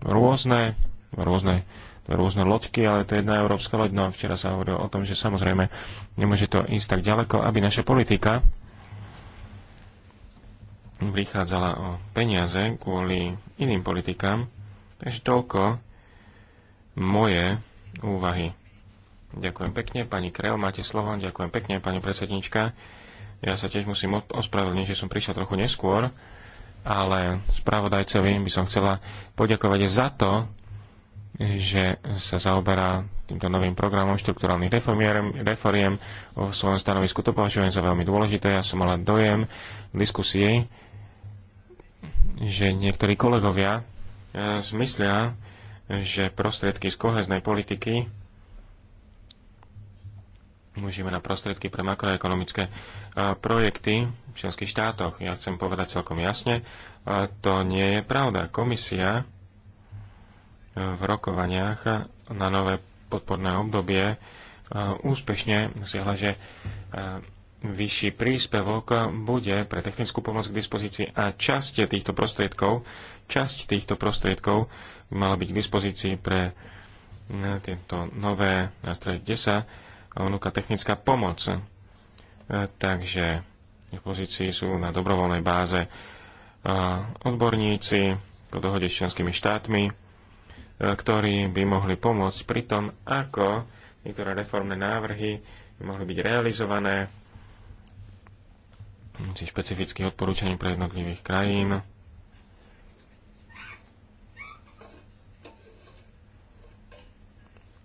Speaker 2: rôzne, rôzne rôzne loďky, ale to je jedna európska loď. No a včera sa hovorilo o tom, že samozrejme nemôže to ísť tak ďaleko, aby naša politika prichádzala o peniaze kvôli iným politikám. Takže toľko moje úvahy. Ďakujem pekne, pani Kreo, máte slovo. Ďakujem pekne, pani predsednička. Ja sa tiež musím ospravedlniť, že som prišla trochu neskôr, ale spravodajcovi by som chcela poďakovať za to, že sa zaoberá týmto novým programom štrukturálnych reforiem. O svojom stanovisku to považujem za veľmi dôležité. Ja som ale dojem diskusie, že niektorí kolegovia e, zmyslia, že prostriedky z koheznej politiky môžeme na prostriedky pre makroekonomické e, projekty v členských štátoch. Ja chcem povedať celkom jasne, e, to nie je pravda. Komisia v rokovaniach na nové podporné obdobie e, úspešne dosiahla, že e, vyšší príspevok bude pre technickú pomoc k dispozícii a časť týchto prostriedkov, časť týchto prostriedkov mala byť k dispozícii pre e, tieto nové nástroje, kde sa vnúka technická pomoc. Takže v pozícii sú na dobrovoľnej báze odborníci po dohode s členskými štátmi, ktorí by mohli pomôcť pri tom, ako niektoré reformné návrhy by mohli byť realizované či špecifických odporúčaní pre jednotlivých krajín.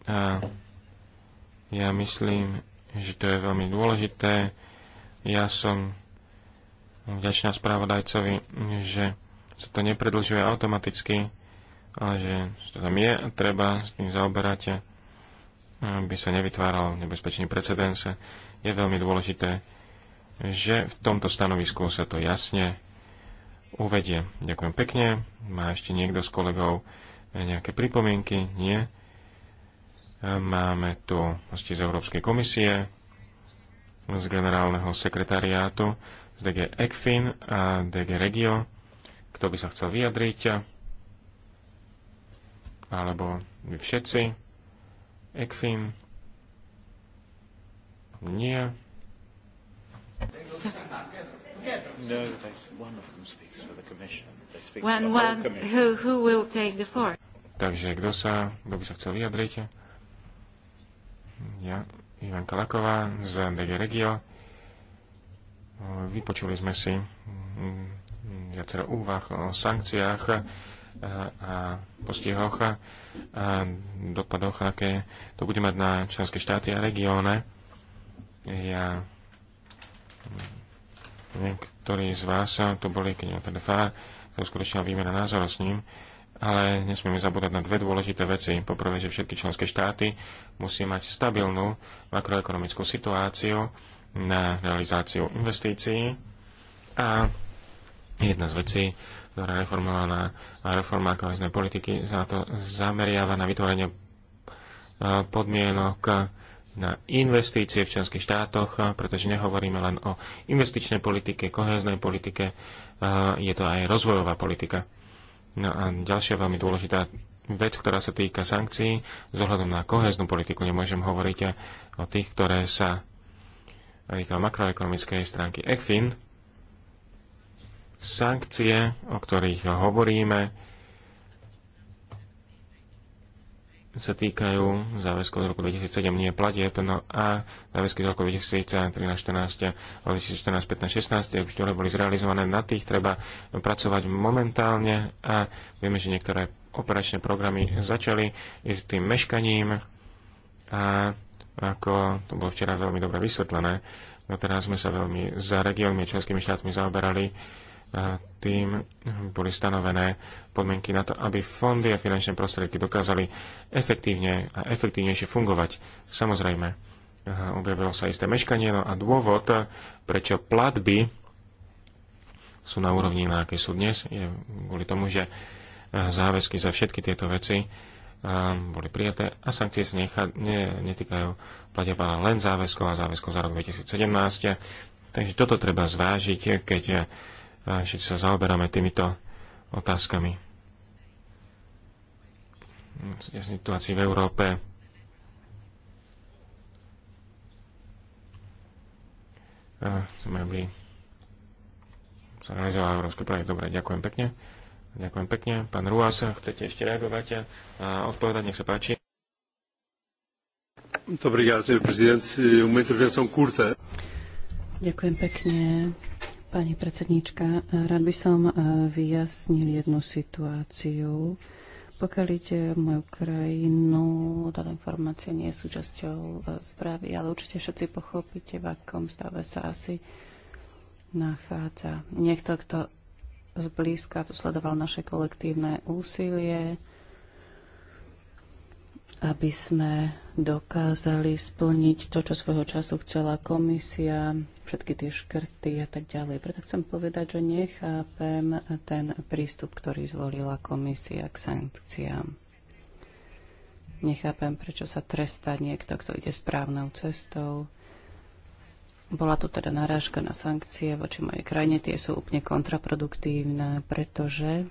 Speaker 2: A ja myslím, že to je veľmi dôležité. Ja som vďačná správodajcovi, že sa to nepredlžuje automaticky ale že to tam je a treba s tým zaoberať, eh, aby sa nevytváral nebezpečný precedens. Je veľmi dôležité, že v tomto stanovisku sa to jasne uvedie. Ďakujem pekne. Má ešte niekto z kolegov eh, nejaké pripomienky? Nie. Eh, máme tu hosti z Európskej komisie, z generálneho sekretariátu, z DG ECFIN a DG Regio. Kto by sa chcel vyjadriť? alebo vy všetci, ECFIN, nie. No, Takže kto sa, kto by sa chcel vyjadriť? Ja, Ivan Kalaková z DG Regio. Vypočuli sme si mm, mm, viacero úvah o sankciách a postihoch a dopadoch, aké to bude mať na členské štáty a regióne. Ja niektorí z vás tu boli, keď on teda to to skutočná výmena názorov s ním, ale nesmieme zabúdať na dve dôležité veci. Poprvé, že všetky členské štáty musí mať stabilnú makroekonomickú situáciu na realizáciu investícií a jedna z vecí, ktorá reformovaná reforma kohezné politiky sa na to zameriava na vytvorenie e, podmienok na investície v členských štátoch, pretože nehovoríme len o investičnej politike, koheznej politike, e, je to aj rozvojová politika. No a ďalšia veľmi dôležitá vec, ktorá sa týka sankcií, z ohľadom na koheznú politiku nemôžem hovoriť o tých, ktoré sa týka makroekonomickej stránky ECFIN, Sankcie, o ktorých hovoríme, sa týkajú záväzku z roku 2007, nie platie. no a záväzky z roku 2013, 14, 2014, 15, 16, ktoré boli zrealizované, na tých treba pracovať momentálne a vieme, že niektoré operačné programy začali s tým meškaním a ako to bolo včera veľmi dobre vysvetlené, no teraz sme sa veľmi za regiónmi a členskými štátmi zaoberali tým boli stanovené podmienky na to, aby fondy a finančné prostriedky dokázali efektívne a efektívnejšie fungovať. Samozrejme, objavilo sa isté meškanie no a dôvod, prečo platby sú na úrovni, na aké sú dnes, je kvôli tomu, že záväzky za všetky tieto veci boli prijaté a sankcie sa necha, ne, netýkajú platieb len záväzkov a záväzkov za rok 2017. Takže toto treba zvážiť, keď že sa zaoberáme týmito otázkami. Situácii v Európe. Sme aby sa realizoval európsky projekt. Dobre, ďakujem pekne. Ďakujem pekne. Pán Ruas, chcete ešte reagovať a odpovedať? Nech sa páči.
Speaker 1: Obrigado,
Speaker 3: Ďakujem pekne. Pani predsednička, rád by som eh, vyjasnil jednu situáciu. Pokiaľ ide o moju krajinu, táto informácia nie je súčasťou eh, správy, ale určite všetci pochopíte, v akom stave sa asi nachádza. Niekto, kto zblízka tu sledoval naše kolektívne úsilie, aby sme dokázali splniť to, čo svojho času chcela komisia, všetky tie škrty a tak ďalej. Preto chcem povedať, že nechápem ten prístup, ktorý zvolila komisia k sankciám. Nechápem, prečo sa trestá niekto, kto ide správnou cestou. Bola tu teda narážka na sankcie voči mojej krajine, tie sú úplne kontraproduktívne, pretože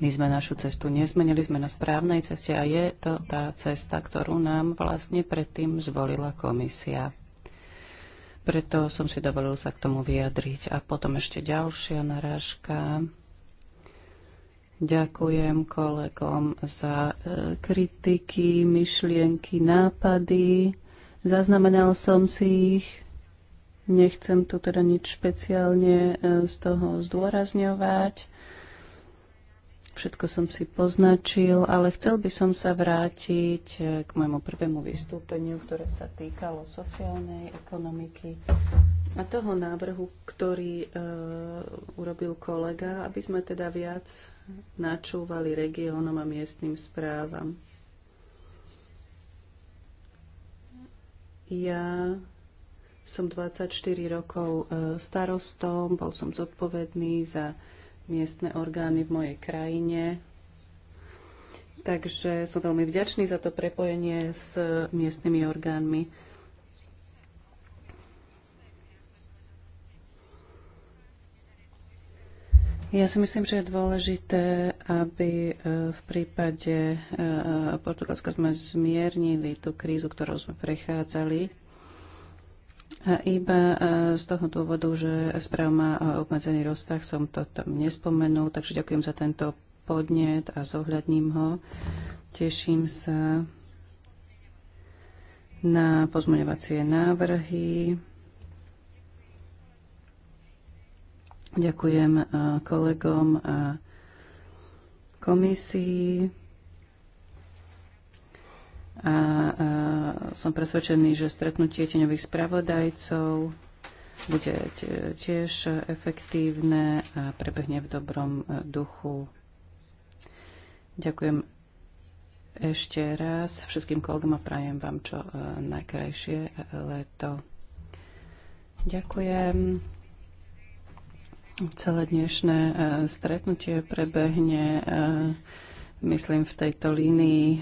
Speaker 3: my sme našu cestu nezmenili, sme na správnej ceste a je to tá cesta, ktorú nám vlastne predtým zvolila komisia. Preto som si dovolil sa k tomu vyjadriť. A potom ešte ďalšia narážka. Ďakujem kolegom za e, kritiky, myšlienky, nápady. Zaznamenal som si ich. Nechcem tu teda nič špeciálne e, z toho zdôrazňovať. Všetko som si poznačil, ale chcel by som sa vrátiť eh, k môjmu prvému vystúpeniu, ktoré sa týkalo sociálnej ekonomiky a toho návrhu, ktorý e, urobil kolega, aby sme teda viac načúvali regiónom a miestnym správam. Ja som 24 rokov eh, starostom, bol som zodpovedný za miestne orgány v mojej krajine. Takže som veľmi vďačný za to prepojenie s miestnymi orgánmi. Ja si myslím, že je dôležité, aby e, v prípade e, e, Portugalska sme zmiernili tú krízu, ktorou sme prechádzali. Iba e, z toho dôvodu, že správ má e, obmedzený rozsah, som to tam nespomenul, takže ďakujem za tento podnet a zohľadním ho. Teším sa na pozmeňovacie návrhy. Ďakujem e, kolegom a komisii. A som presvedčený, že stretnutie tieňových spravodajcov bude tiež efektívne a prebehne v dobrom e, duchu. Ďakujem ešte raz všetkým kolegom a prajem vám čo e, najkrajšie leto. Ďakujem. Celé dnešné e, stretnutie prebehne myslím, v tejto línii e,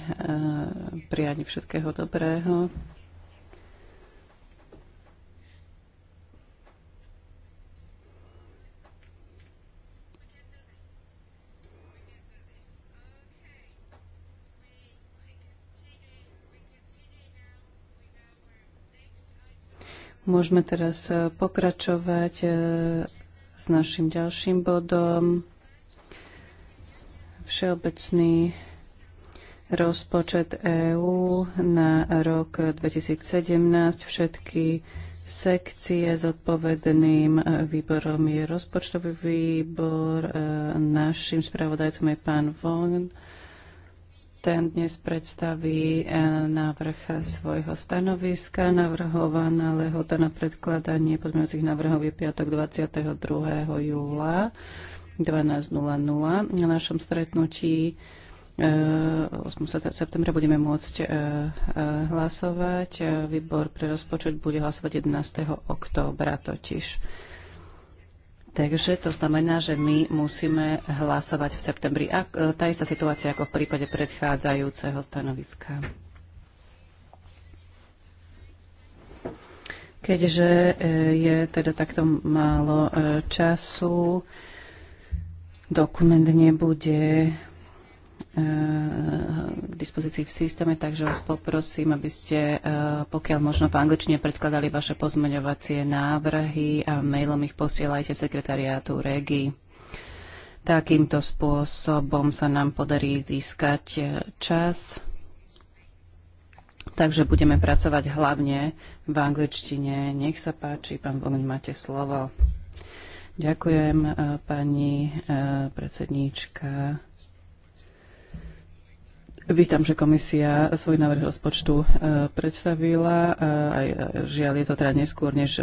Speaker 3: prijať všetkého dobrého. Môžeme teraz e, pokračovať e, s našim ďalším bodom. Všeobecný rozpočet EÚ na rok 2017. Všetky sekcie s odpovedným výborom je rozpočtový výbor. E, našim spravodajcom je pán Von. Ten dnes predstaví e, návrh svojho stanoviska. Navrhovaná lehota na predkladanie pozmeňujúcich návrhov je piatok 22. júla 12.00. Na našom stretnutí 8. E, septembra budeme môcť e, e, hlasovať. Výbor pre rozpočet bude hlasovať 11. októbra totiž. Takže to znamená, že my musíme hlasovať v septembri. A tá istá situácia ako v prípade predchádzajúceho stanoviska. Keďže je teda takto málo času, Dokument nebude e, k dispozícii v systéme, takže vás poprosím, aby ste e, pokiaľ možno v angličtine predkladali vaše pozmeňovacie návrhy a mailom ich posielajte sekretariátu REGI. Takýmto spôsobom sa nám podarí získať e, čas. Takže budeme pracovať hlavne v angličtine. Nech sa páči, pán Bogni, máte slovo. Ďakujem, eh, pani eh, predsedníčka. Vítam, že komisia svoj návrh rozpočtu eh, predstavila. Aj žiaľ, je to teda neskôr než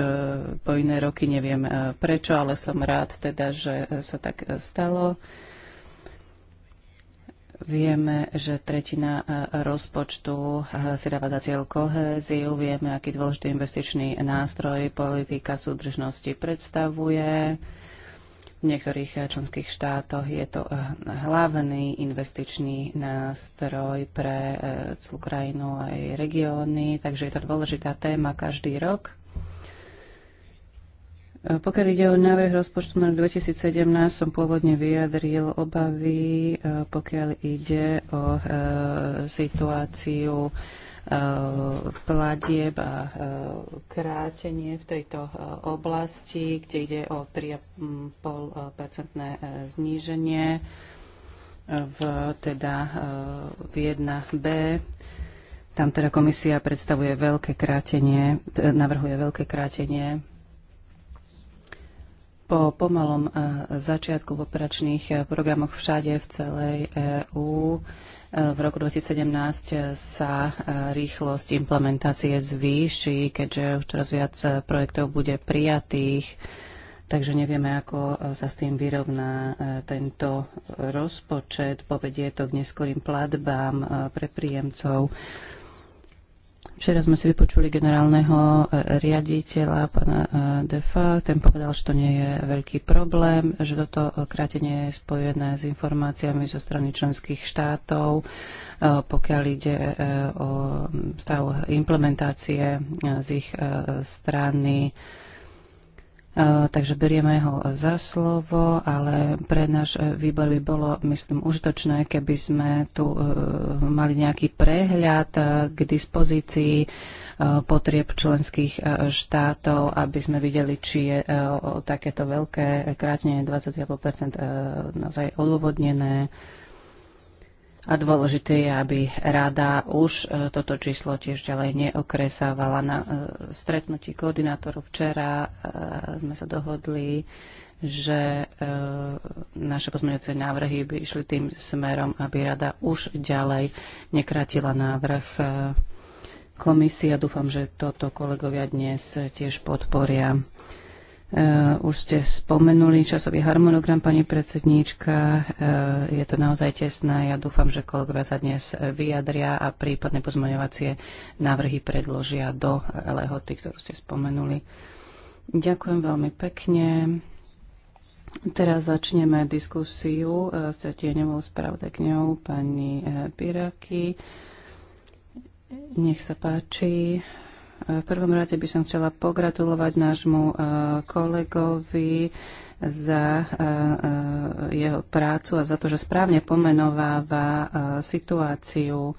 Speaker 3: po iné roky, neviem prečo, ale som rád teda, že sa tak stalo. Vieme, že tretina e, rozpočtu e, si dáva za cieľ kohéziu, vieme, aký dôležitý investičný nástroj politika súdržnosti predstavuje. V niektorých e, členských štátoch je to hlavný investičný nástroj pre celú krajinu aj regióny, takže je to dôležitá téma každý rok. E, pokiaľ ide o návrh rozpočtu na rok 2017, som pôvodne vyjadril obavy, e, pokiaľ ide o e, situáciu pladieb a krátenie v tejto oblasti, kde ide o 35 zníženie v, teda, v 1B. Tam teda komisia predstavuje veľké krátenie, navrhuje veľké krátenie po pomalom e, začiatku v operačných e, programoch všade v celej EÚ e, v roku 2017 sa rýchlosť implementácie zvýši, keďže už čoraz viac projektov bude prijatých, takže nevieme, ako sa s tým vyrovná tento rozpočet. Povedie to k neskorým platbám pre príjemcov. Včera sme si vypočuli generálneho e, riaditeľa, pána e, Defa, ten povedal, že to nie je veľký problém, že toto krátenie je spojené s informáciami zo strany členských štátov, e, pokiaľ ide o stav implementácie z ich strany E, takže berieme ho za slovo, ale pre náš výbor by bolo, myslím, užitočné, keby sme tu e, mali nejaký prehľad e, k dispozícii potrieb členských štátov, aby sme videli, či je takéto veľké krátenie 25 naozaj odôvodnené a dôležité je, aby rada už e, toto číslo tiež ďalej neokresávala. Na e, stretnutí koordinátorov včera e, sme sa dohodli, že naše pozmeňujúce návrhy by išli tým smerom, aby rada už ďalej nekratila návrh komisie. Dúfam, že toto kolegovia dnes tiež podporia. Uh, už ste spomenuli časový harmonogram, pani predsedníčka. Uh, je to naozaj tesné. Ja dúfam, že kolegovia sa dnes vyjadria a prípadne pozmaňovacie návrhy predložia do lehoty, ktorú ste spomenuli. Ďakujem veľmi pekne. Teraz začneme diskusiu eh, s tieňovou spravodajkňou pani Piraky. Nech sa páči. V prvom rade by som chcela pogratulovať nášmu e, kolegovi za e, e, jeho prácu a za to, že správne pomenováva situáciu.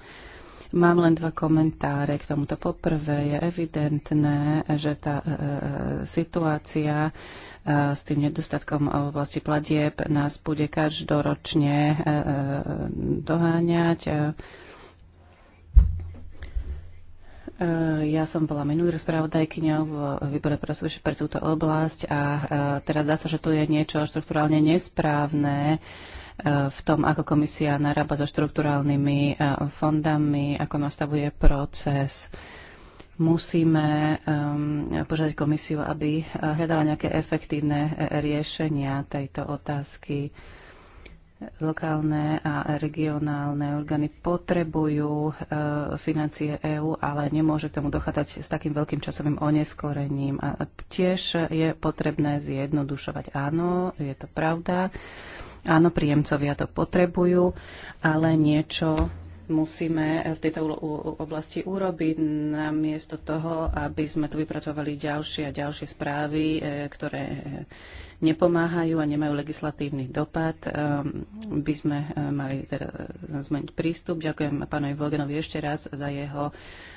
Speaker 3: Mám len dva komentáre k tomuto. Poprvé je evidentné, že tá situácia s tým nedostatkom v oblasti platieb nás bude každoročne doháňať Eh, ja som bola minulý spravodajkyňou v výbore pre túto oblasť a eh, teraz dá sa, že tu je niečo štruktúralne nesprávne eh, v tom, ako komisia narába so štruktúrálnymi fondami, ako nastavuje proces. Musíme požiadať komisiu, aby hľadala nejaké efektívne riešenia tejto otázky Lokálne a regionálne orgány potrebujú e, financie EÚ, ale nemôže k tomu dochádzať s takým veľkým časovým oneskorením. A tiež je potrebné zjednodušovať. Áno, je to pravda. Áno, príjemcovia to potrebujú, ale niečo musíme v tejto oblasti urobiť, namiesto toho, aby sme tu vypracovali ďalšie a ďalšie správy, e, ktoré nepomáhajú a nemajú legislatívny dopad. Ehm, by sme eh, mali teda eh, zmeniť prístup. Ďakujem pánovi Vogenovi ešte raz za jeho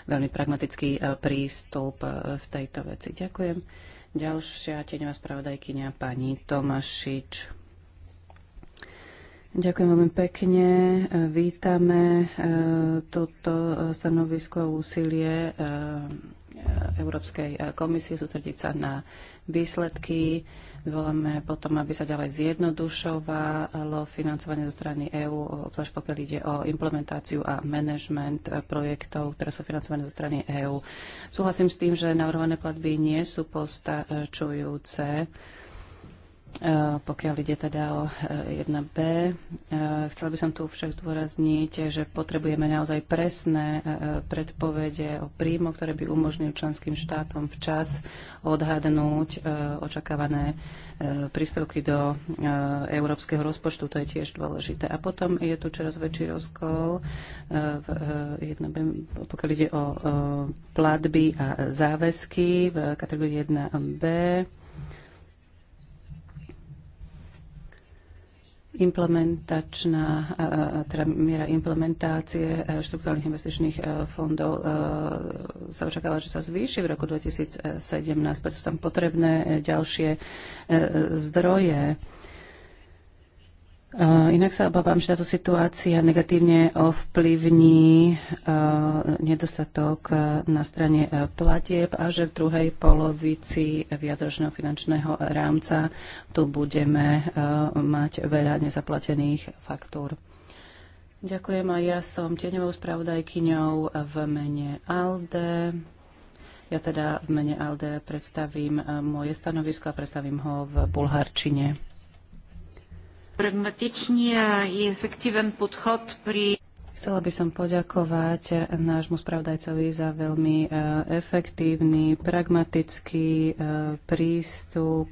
Speaker 3: veľmi pragmatický eh, prístup v tejto veci. Ďakujem. Ďalšia tieňová spravodajkynia pani Tomašič. Ďakujem veľmi pekne. Vítame toto stanovisko a úsilie Európskej komisie sústrediť sa na výsledky Voláme potom, aby sa ďalej zjednodušovalo financovanie zo strany EÚ, obzvlášť pokiaľ ide o implementáciu a management projektov, ktoré sú financované zo strany EÚ. Súhlasím s tým, že navrhované platby nie sú postačujúce E, pokiaľ ide teda o 1B. E, e, chcela by som tu však zdôrazniť, že potrebujeme naozaj presné predpovede o príjmo, ktoré by umožnili členským štátom včas odhadnúť očakávané príspevky do európskeho rozpočtu. To je tiež dôležité. A potom je tu čoraz väčší rozkol, v 1B, pokiaľ ide o platby a záväzky v kategórii 1B implementačná, teda miera implementácie e, štruktúrnych investičných e, fondov e, sa očakáva, že sa zvýši v roku 2017, preto sú tam potrebné ďalšie zdroje. Eh, inak sa obávam, že táto situácia negatívne ovplyvní eh, nedostatok eh, na strane platieb a že v druhej polovici viacročného finančného rámca tu budeme mať veľa nezaplatených faktúr. Ďakujem a ja som tieňovou spravodajkyňou v mene ALDE. Ja teda v mene ALDE predstavím moje stanovisko a predstavím ho v bulharčine pragmatičný podchod pri Chcela by som poďakovať nášmu spravdajcovi za veľmi e, efektívny, pragmatický e, prístup.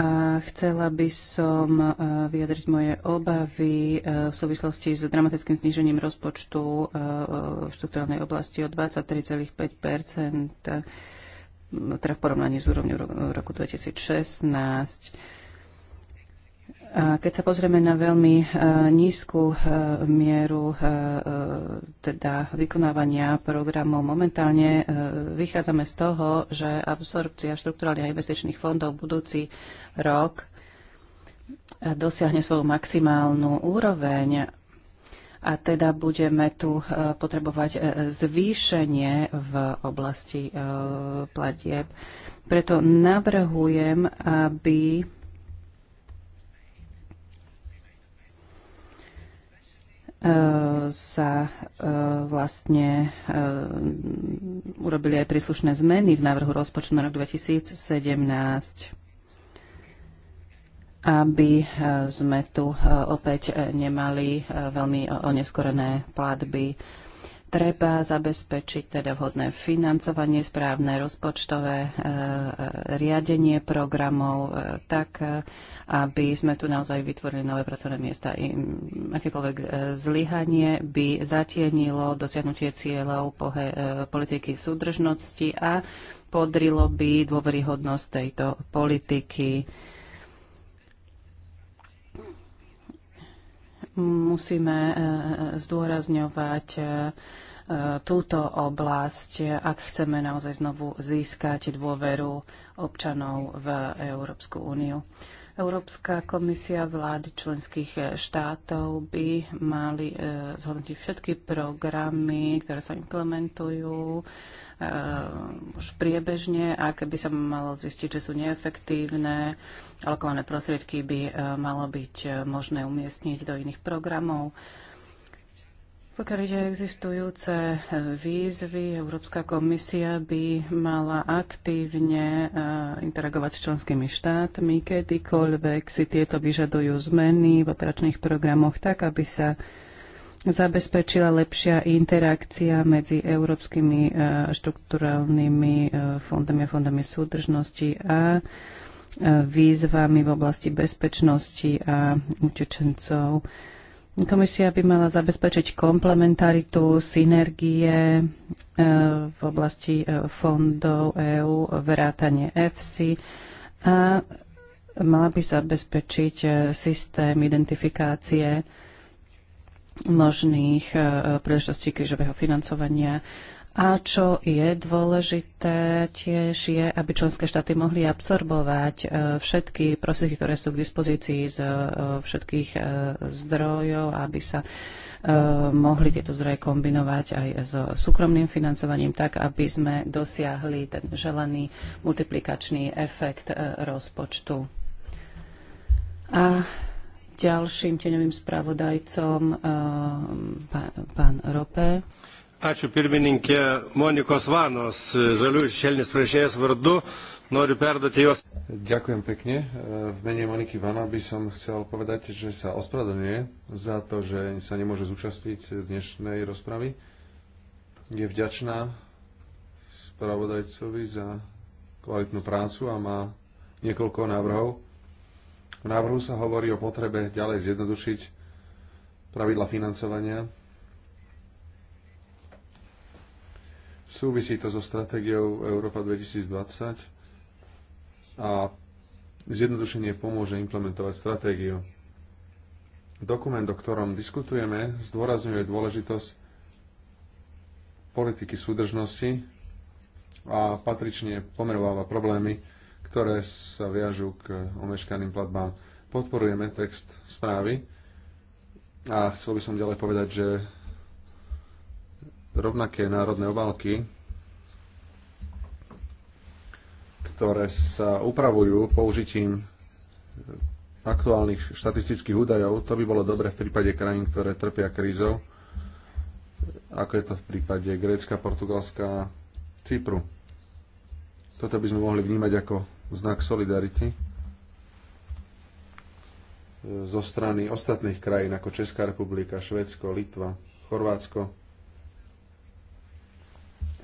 Speaker 3: A chcela by som e, vyjadriť moje obavy v súvislosti s dramatickým znížením rozpočtu v štruktúrnej oblasti o 23,5 teda v porovnaní s úrovňou roku 2016. keď sa pozrieme na veľmi e, nízku e, mieru e, teda vykonávania programov momentálne, vychádzame z toho, že absorpcia štrukturálnych a investičných fondov budúci rok dosiahne svoju maximálnu úroveň a teda budeme tu e, potrebovať e, zvýšenie v oblasti e, platieb. Preto navrhujem, aby sa vlastne urobili aj príslušné zmeny v návrhu rozpočtu na rok 2017 aby eh, sme tu eh, opäť eh, nemali veľmi oneskorené platby. Treba zabezpečiť teda vhodné financovanie, správne rozpočtové riadenie programov tak, aby sme tu naozaj vytvorili nové pracovné miesta. Mm, akékoľvek zlyhanie by zatienilo dosiahnutie cieľov politiky súdržnosti a podrilo by dôveryhodnosť tejto politiky Musíme e, zdôrazňovať e, e, túto oblasť, ak chceme naozaj znovu získať dôveru občanov v Európsku úniu. Európska komisia vlády členských štátov by mali zhodnotiť všetky programy, ktoré sa implementujú Eh, už priebežne a keby sa malo zistiť, že sú neefektívne, alokované prostriedky by eh, malo byť eh, možné umiestniť do iných programov. Pokiaľ ide existujúce výzvy, Európska komisia by mala aktívne interagovať s členskými štátmi, kedykoľvek si tieto vyžadujú zmeny v operačných programoch, tak aby sa zabezpečila lepšia interakcia medzi európskymi e, štruktúralnými e, fondami a fondami súdržnosti a e, výzvami v oblasti bezpečnosti a utečencov. Komisia by mala zabezpečiť komplementaritu, synergie v oblasti fondov EÚ, vrátanie EFSI a mala by zabezpečiť systém identifikácie možných e, príležitostí krížového financovania. A čo je dôležité tiež je, aby členské štáty mohli absorbovať e, všetky prostriedky, ktoré sú k dispozícii z e, všetkých zdrojov, aby sa mohli tieto zdroje kombinovať aj so súkromným financovaním, tak aby sme dosiahli ten želaný multiplikačný efekt rozpočtu. A Ďalším teňovým spravodajcom eh, pán Rope.
Speaker 1: Ačiū pirmininkė Monikos Vanos, eh, žaliųjų šešėlinės pranešėjas vardu. Noriu perduoti jos. Ďakujem pekne. Eh, v mene Moniky Vana by som chcel povedať, že sa ospravedlňuje za to, že sa nemôže zúčastniť dnešnej rozpravy. Je vďačná spravodajcovi za kvalitnú prácu a má niekoľko návrhov v návrhu sa hovorí o potrebe ďalej zjednodušiť pravidla financovania. Súvisí to so stratégiou Európa 2020 a zjednodušenie pomôže implementovať stratégiu. Dokument, o ktorom diskutujeme, zdôrazňuje dôležitosť politiky súdržnosti a patrične pomerováva problémy, ktoré sa viažú k omeškaným platbám. Podporujeme text správy a chcel by som ďalej povedať, že rovnaké národné obálky, ktoré sa upravujú použitím aktuálnych štatistických údajov, to by bolo dobre v prípade krajín, ktoré trpia krízou, ako je to v prípade Grécka, Portugalska, Cypru. Toto by sme mohli vnímať ako znak solidarity zo strany ostatných krajín ako Česká republika, Švedsko, Litva, Chorvátsko.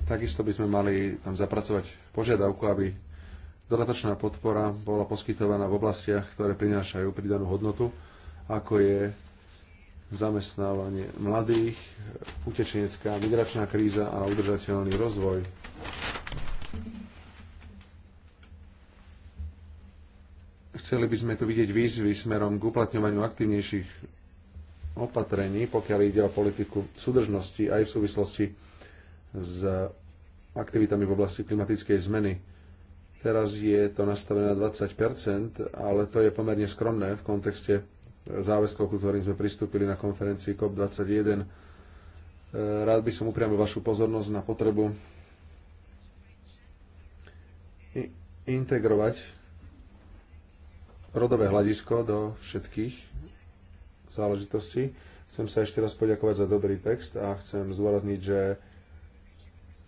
Speaker 1: Takisto by sme mali tam zapracovať požiadavku, aby dodatočná podpora bola poskytovaná v oblastiach, ktoré prinášajú pridanú hodnotu, ako je zamestnávanie mladých, utečenecká migračná kríza a udržateľný rozvoj. Chceli by sme tu vidieť výzvy smerom k uplatňovaniu aktívnejších opatrení, pokiaľ ide o politiku súdržnosti aj v súvislosti s aktivitami v oblasti klimatickej zmeny. Teraz je to nastavené na 20 ale to je pomerne skromné v kontexte záväzkov, ku ktorým sme pristúpili na konferencii COP21. Rád by som upriamil vašu pozornosť na potrebu integrovať rodové hľadisko do všetkých záležitostí. Chcem sa ešte raz poďakovať za dobrý text a chcem zvorazniť, že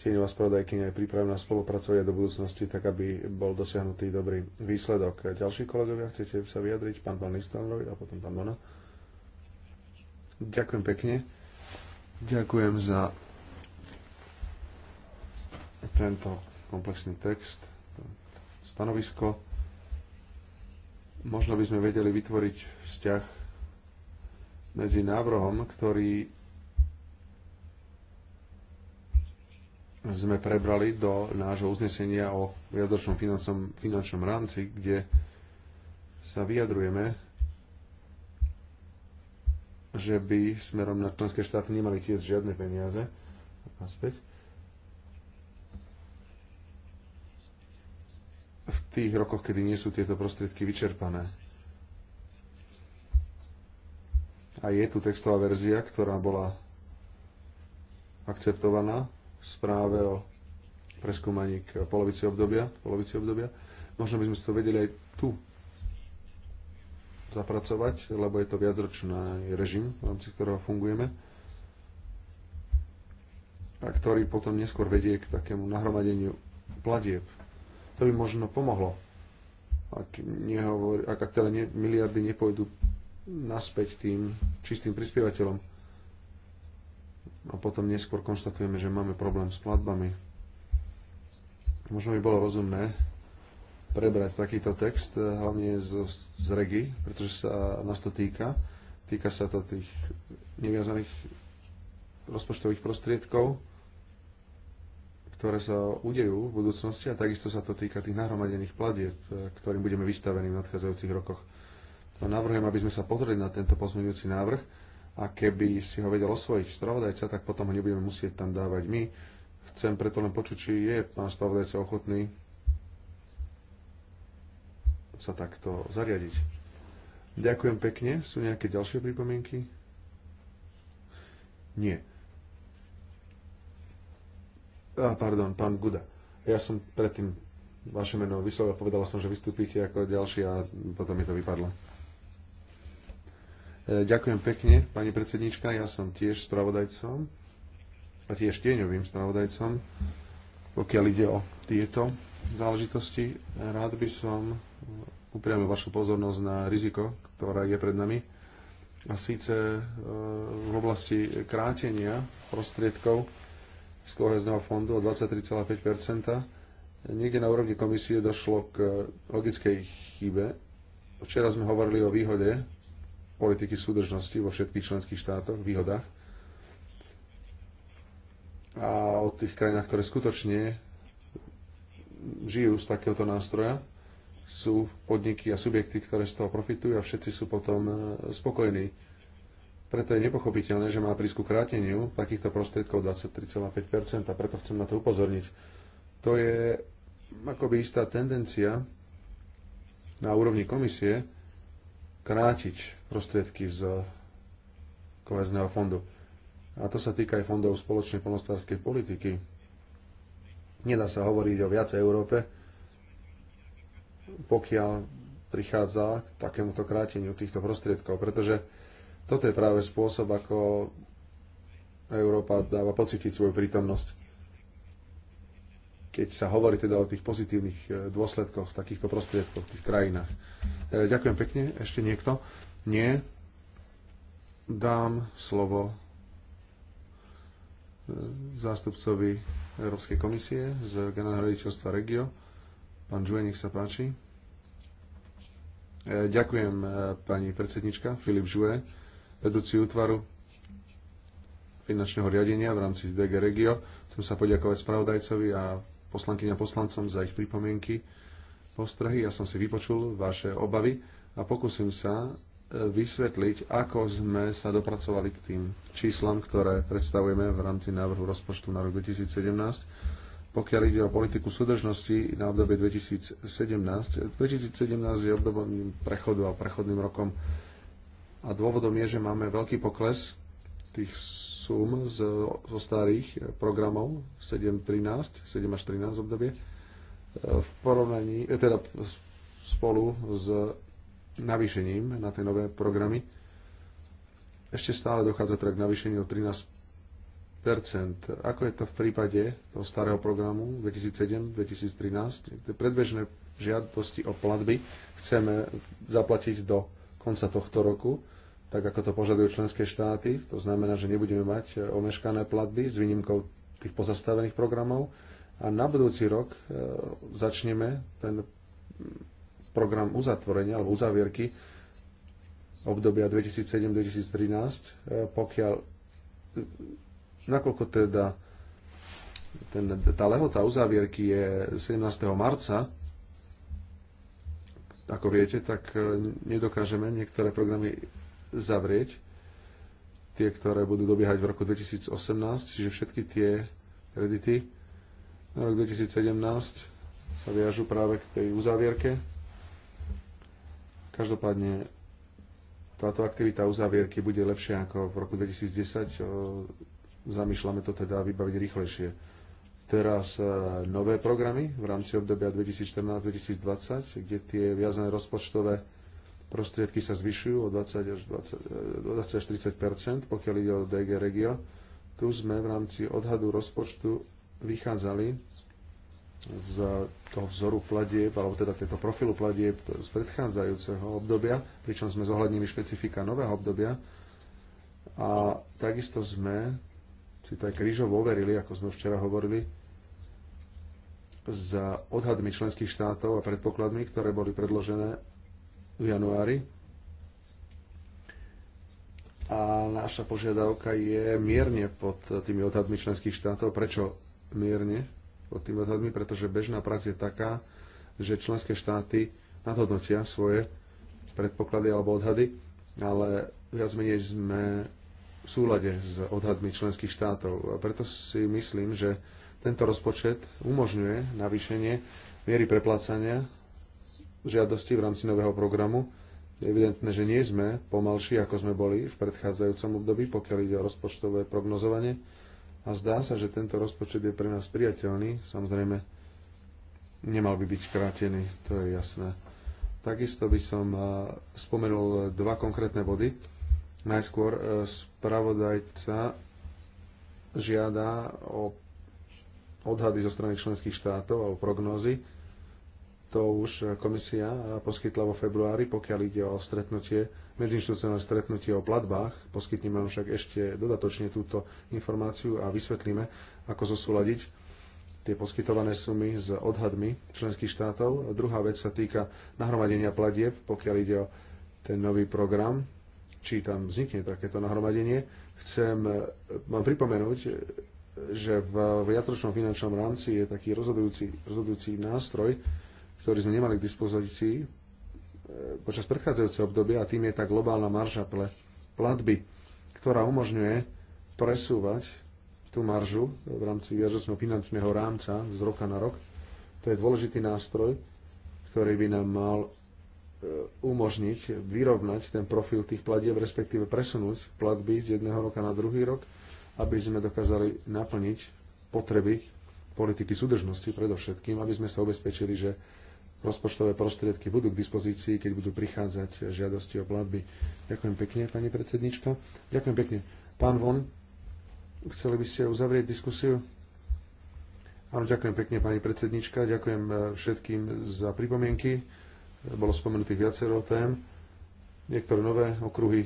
Speaker 1: tieňová spravodajkynia je pripravená spolupracovať do budúcnosti, tak aby bol dosiahnutý dobrý výsledok. Ďalší kolegovia, chcete sa vyjadriť? Pán pán Listanrovi a potom pán Dona. Ďakujem pekne. Ďakujem za tento komplexný text, stanovisko. Možno by sme vedeli vytvoriť vzťah medzi návrhom, ktorý sme prebrali do nášho uznesenia o viacročnom finančnom, finančnom rámci, kde sa vyjadrujeme, že by smerom na členské štáty nemali tiež žiadne peniaze späť. v tých rokoch, kedy nie sú tieto prostriedky vyčerpané. A je tu textová verzia, ktorá bola akceptovaná v správe o preskúmaní k polovici obdobia, polovici obdobia. Možno by sme si to vedeli aj tu zapracovať, lebo je to viacročný režim, v rámci ktorého fungujeme a ktorý potom neskôr vedie k takému nahromadeniu platieb to by možno pomohlo. Ak, nehovor, ak teda ne, miliardy nepôjdu naspäť tým čistým prispievateľom. A potom neskôr konštatujeme, že máme problém s platbami. Možno by bolo rozumné prebrať takýto text, eh, hlavne z, z regi, pretože sa nás to týka. Týka sa to tých neviazaných rozpočtových prostriedkov ktoré sa udejú v budúcnosti a takisto sa to týka tých nahromadených platieb, e, ktorým budeme vystavení v nadchádzajúcich rokoch. To navrhujem, aby sme sa pozreli na tento pozmeňujúci návrh a keby si ho vedel osvojiť spravodajca, tak potom ho nebudeme musieť tam dávať my. Chcem preto len počuť, či je pán spravodajca ochotný sa takto zariadiť. Ďakujem pekne. Sú nejaké ďalšie pripomienky? Nie. A, pardon, pán Guda. Ja som predtým vaše meno vyslovil, povedal som, že vystúpite ako ďalší a potom mi to vypadlo. E, ďakujem pekne, pani predsednička. Ja som tiež spravodajcom a tiež tieňovým spravodajcom, pokiaľ ide o tieto záležitosti. Rád by som upriamil vašu pozornosť na riziko, ktoré je pred nami. A síce e, v oblasti krátenia prostriedkov z kohezného fondu o 23,5 Niekde na úrovni komisie došlo k eh, logickej chybe. Včera sme hovorili o výhode politiky súdržnosti vo všetkých členských štátoch, výhodách a o tých krajinách, ktoré skutočne žijú z takéhoto nástroja sú podniky a subjekty, ktoré z toho profitujú a všetci sú potom eh, spokojní. Preto je nepochopiteľné, že má prísku kráteniu takýchto prostriedkov 23,5%, a preto chcem na to upozorniť. To je akoby istá tendencia na úrovni komisie krátiť prostriedky z kohezného fondu. A to sa týka aj fondov spoločnej polnospodárskej politiky. Nedá sa hovoriť o viac Európe, pokiaľ prichádza k takémuto kráteniu týchto prostriedkov, pretože toto je práve spôsob, ako Európa dáva pocítiť svoju prítomnosť. Keď sa hovorí teda o tých pozitívnych e, dôsledkoch takýchto prostriedkov v tých krajinách. E, ďakujem pekne. Ešte niekto? Nie. Dám slovo e, zástupcovi Európskej komisie z generálneho riaditeľstva Regio. Pán Žuje, nech sa páči. Ďakujem pani predsednička, Filip Žuje vedúci útvaru finančného riadenia v rámci DG Regio. Chcem sa poďakovať spravodajcovi a poslankyňa poslancom za ich pripomienky, postrehy. Ja som si vypočul vaše obavy a pokúsim sa e, vysvetliť, ako sme sa dopracovali k tým číslam, ktoré predstavujeme v rámci návrhu rozpočtu na rok 2017. Pokiaľ ide o politiku súdržnosti na obdobie 2017, 2017 je obdobom prechodu a prechodným rokom a dôvodom je, že máme veľký pokles tých sum zo starých programov 7-13, 7 až 13 obdobie e, v porovnaní, e, teda spolu s navýšením na tie nové programy. Ešte stále dochádza teda k navýšeniu o 13 Ako je to v prípade toho starého programu 2007-2013? Tie predbežné žiadosti o platby chceme zaplatiť do konca tohto roku, tak ako to požadujú členské štáty. To znamená, že nebudeme mať e, omeškané platby s výnimkou tých pozastavených programov a na budúci rok e, začneme ten program uzatvorenia alebo uzavierky obdobia 2007-2013, e, pokiaľ nakoľko teda ten, tá lehota uzavierky je 17. marca, ako viete, tak e, nedokážeme niektoré programy zavrieť, tie, ktoré budú dobiehať v roku 2018, čiže všetky tie kredity na rok 2017 sa viažú práve k tej uzavierke. Každopádne táto aktivita uzavierky bude lepšia ako v roku 2010. Zamýšľame to teda vybaviť rýchlejšie teraz e, nové programy v rámci obdobia 2014-2020, kde tie viazané rozpočtové prostriedky sa zvyšujú o 20 až 20, 20 30 pokiaľ ide o DG Regio. Tu sme v rámci odhadu rozpočtu vychádzali z toho vzoru platieb, alebo teda tieto profilu platieb z predchádzajúceho obdobia, pričom sme zohľadnili špecifika nového obdobia. A takisto sme si to aj krížovo overili, ako sme včera hovorili, za odhadmi členských štátov a predpokladmi, ktoré boli predložené v januári. A naša požiadavka je mierne pod tými odhadmi členských štátov. Prečo mierne pod tými odhadmi? Pretože bežná prax je taká, že členské štáty nadhodnotia svoje predpoklady alebo odhady, ale viac menej sme v súlade s odhadmi členských štátov. A preto si myslím, že tento rozpočet umožňuje navýšenie miery preplácania žiadosti v rámci nového programu. Je evidentné, že nie sme pomalší, ako sme boli v predchádzajúcom období, pokiaľ ide o rozpočtové prognozovanie. A zdá sa, že tento rozpočet je pre nás priateľný. Samozrejme, nemal by byť krátený, to je jasné. Takisto by som spomenul dva konkrétne body. Najskôr e, spravodajca žiada o odhady zo strany členských štátov alebo prognózy. To už komisia poskytla vo februári, pokiaľ ide o stretnutie, medziinstitucionálne stretnutie o platbách. Poskytneme vám však ešte dodatočne túto informáciu a vysvetlíme, ako zosúľadiť tie poskytované sumy s odhadmi členských štátov. Druhá vec sa týka nahromadenia platieb, pokiaľ ide o ten nový program, či tam vznikne takéto nahromadenie. Chcem vám pripomenúť, že v viacročnom finančnom rámci je taký rozhodujúci, rozhodujúci nástroj, ktorý sme nemali k dispozícii e, počas predchádzajúceho obdobia a tým je tá globálna marža pre platby, ktorá umožňuje presúvať tú maržu v rámci viacročného finančného rámca z roka na rok. To je dôležitý nástroj, ktorý by nám mal e, umožniť vyrovnať ten profil tých platieb, respektíve presunúť platby z jedného roka na druhý rok aby sme dokázali naplniť potreby politiky súdržnosti predovšetkým, aby sme sa ubezpečili, že rozpočtové prostriedky budú k dispozícii, keď budú prichádzať žiadosti o platby. Ďakujem pekne, pani predsednička. Ďakujem pekne. Pán Von, chceli by ste uzavrieť diskusiu? Áno, ďakujem pekne, pani predsednička. Ďakujem e, všetkým za pripomienky. Bolo spomenutých viacero tém. Niektoré nové okruhy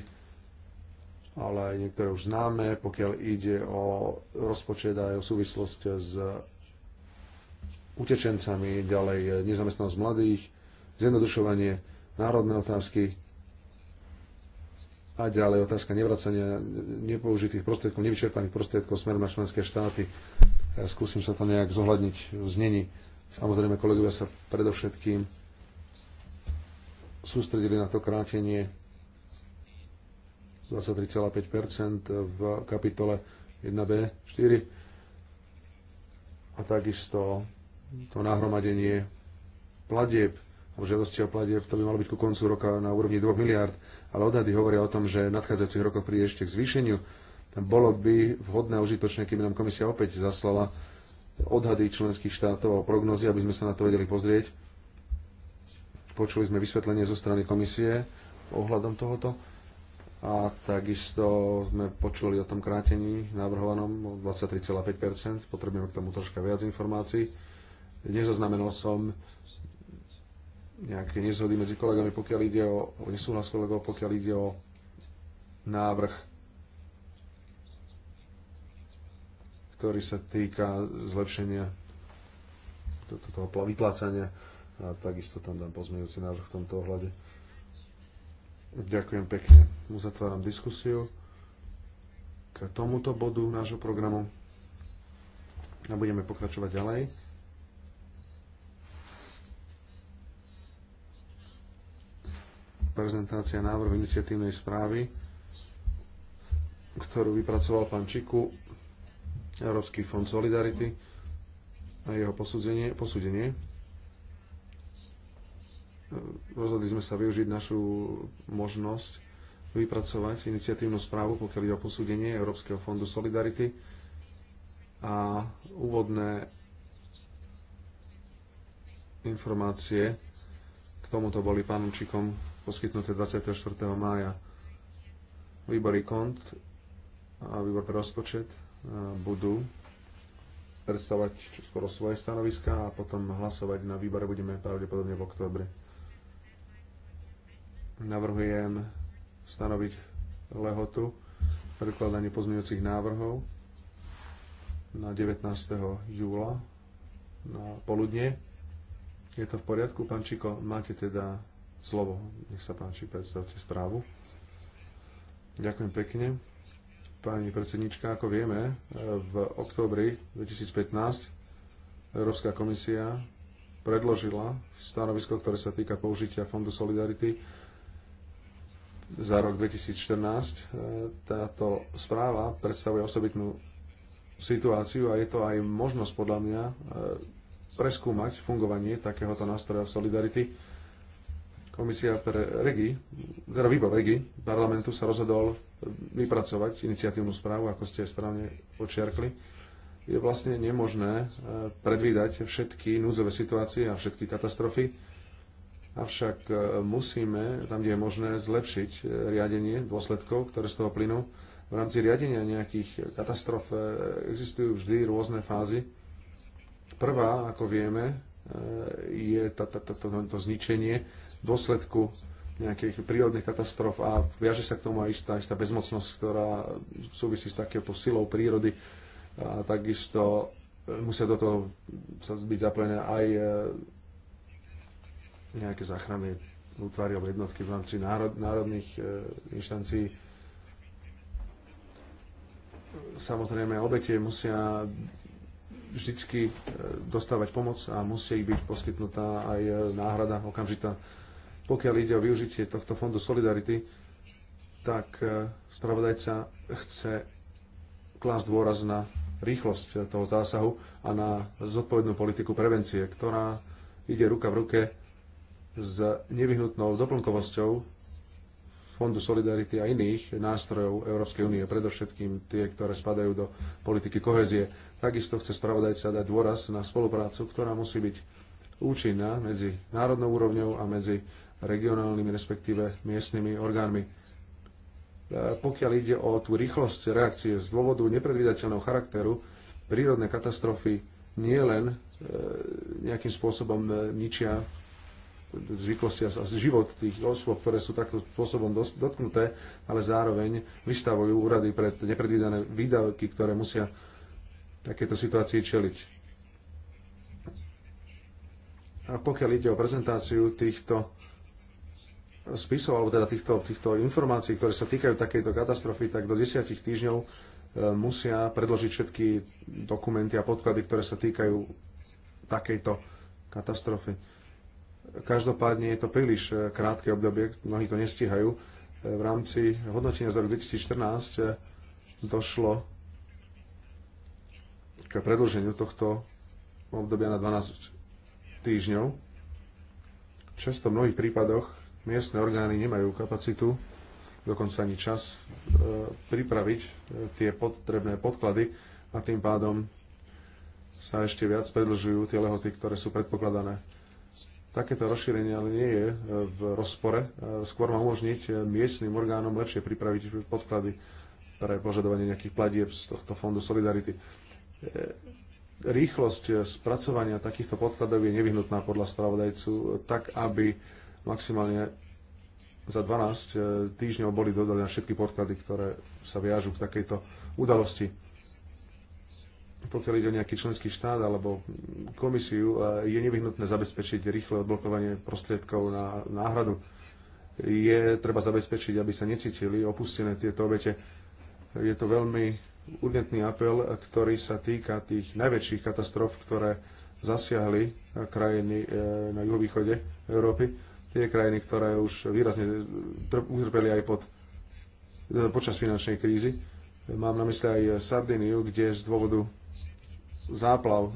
Speaker 1: ale aj niektoré už známe, pokiaľ ide o rozpočet aj o súvislosť s utečencami, ďalej nezamestnanosť mladých, zjednodušovanie, národné otázky a ďalej otázka nevracania nepoužitých prostriedkov, nevyčerpaných prostriedkov smerom na členské štáty. Ja skúsim sa to nejak zohľadniť v znení. Samozrejme, kolegovia sa predovšetkým sústredili na to krátenie 23,5 v kapitole 1b4 a takisto to nahromadenie platieb alebo žiadosti o platieb, to by malo byť ku koncu roka na úrovni 2 miliard, ale odhady hovoria o tom, že v nadchádzajúcich rokoch príde ešte k zvýšeniu. Bolo by vhodné a užitočné, keby nám komisia opäť zaslala odhady členských štátov a prognozy, aby sme sa na to vedeli pozrieť. Počuli sme vysvetlenie zo strany komisie ohľadom tohoto a takisto sme počuli o tom krátení navrhovanom o 23,5%. Potrebujeme k tomu troška viac informácií. Nezaznamenal som nejaké nezhody medzi kolegami, pokiaľ ide o, o nesúhlas kolegov, pokiaľ ide o návrh, ktorý sa týka zlepšenia toho vyplácania a takisto tam dám pozmeňujúci návrh v tomto ohľade. Ďakujem pekne. Uzatváram diskusiu k tomuto bodu nášho programu a budeme pokračovať ďalej. Prezentácia návrhu iniciatívnej správy, ktorú vypracoval pán Čiku, Európsky fond Solidarity a jeho posúdenie. posúdenie rozhodli sme sa využiť našu možnosť vypracovať iniciatívnu správu, pokiaľ ide o posúdenie Európskeho fondu Solidarity a úvodné informácie k tomuto boli pánom Čikom poskytnuté 24. mája. Výbory kont a výbor pre rozpočet e, budú predstavať skoro svoje stanoviska a potom hlasovať na výbore budeme pravdepodobne v oktobri. Navrhujem stanoviť lehotu prekladanie pozmeňujúcich návrhov na 19. júla na poludne. Je to v poriadku, pán Čiko? Máte teda slovo. Nech sa páči, predstavte správu. Ďakujem pekne. Pani predsednička, ako vieme, v oktobri 2015 Európska komisia predložila stanovisko, ktoré sa týka použitia Fondu Solidarity za rok 2014. E, táto správa predstavuje osobitnú situáciu a je to aj možnosť podľa mňa e, preskúmať fungovanie takéhoto nástroja v Solidarity. Komisia pre regi, teda výbor regi parlamentu sa rozhodol vypracovať iniciatívnu správu, ako ste správne počiarkli. Je vlastne nemožné e, predvídať všetky núzové situácie a všetky katastrofy Avšak e, musíme, tam, kde je možné, zlepšiť e, riadenie dôsledkov, ktoré z toho plynú. V rámci riadenia nejakých katastrof e, existujú vždy rôzne fázy. Prvá, ako vieme, je to, to zničenie dôsledku nejakých prírodných katastrof a viaže sa k tomu aj istá, istá bezmocnosť, ktorá súvisí s takéto silou prírody. A takisto musia do toho byť zapojené aj nejaké záchranné útvary alebo jednotky v rámci národ, národných e, inštancií. Samozrejme, obete musia vždycky e, dostávať pomoc a musí ich byť poskytnutá aj e, náhrada okamžitá. Pokiaľ ide o využitie tohto fondu Solidarity, tak e, spravodajca chce klásť dôraz na rýchlosť toho zásahu a na zodpovednú politiku prevencie, ktorá ide ruka v ruke s nevyhnutnou doplnkovosťou Fondu Solidarity a iných nástrojov Európskej únie, predovšetkým tie, ktoré spadajú do politiky kohezie. Takisto chce spravodajca dať dôraz na spoluprácu, ktorá musí byť účinná medzi národnou úrovňou a medzi regionálnymi, respektíve miestnymi orgánmi. E, pokiaľ ide o tú rýchlosť reakcie z dôvodu nepredvídateľného charakteru, prírodné katastrofy nie len e, nejakým spôsobom e, ničia zvyklosti a život tých osôb, ktoré sú takto spôsobom dotknuté, ale zároveň vystavujú úrady pred nepredvídané výdavky, ktoré musia takéto situácii čeliť. A pokiaľ ide o prezentáciu týchto spisov, alebo teda týchto, týchto informácií, ktoré sa týkajú takejto katastrofy, tak do desiatich týždňov e, musia predložiť všetky dokumenty a podklady, ktoré sa týkajú takejto katastrofy Každopádne je to príliš eh, krátke obdobie, mnohí to nestihajú. Eh, v rámci hodnotenia z roku 2014 eh, došlo k predlženiu tohto obdobia na 12 týždňov. Často v mnohých prípadoch miestne orgány nemajú kapacitu, dokonca ani čas, pripraviť tie potrebné podklady a tým pádom sa ešte viac predlžujú tie lehoty, ktoré sú predpokladané takéto rozšírenie ale nie je e, v rozpore. E, skôr má umožniť e, miestnym orgánom lepšie pripraviť podklady pre požadovanie nejakých platieb z tohto fondu Solidarity. Rýchlosť spracovania takýchto podkladov je nevyhnutná podľa spravodajcu, tak aby maximálne za 12 týždňov boli dodané všetky podklady, ktoré sa viažú k takejto udalosti pokiaľ ide o nejaký členský štát alebo komisiu, je nevyhnutné zabezpečiť rýchle odblokovanie prostriedkov na náhradu. Je treba zabezpečiť, aby sa necítili opustené tieto obete. Je to veľmi urgentný apel, ktorý sa týka tých najväčších katastrof, ktoré zasiahli krajiny e, na juhovýchode Európy. Tie krajiny, ktoré už výrazne utrpeli aj pod, e, počas finančnej krízy. Mám na mysle aj Sardiniu, kde z dôvodu záplav e,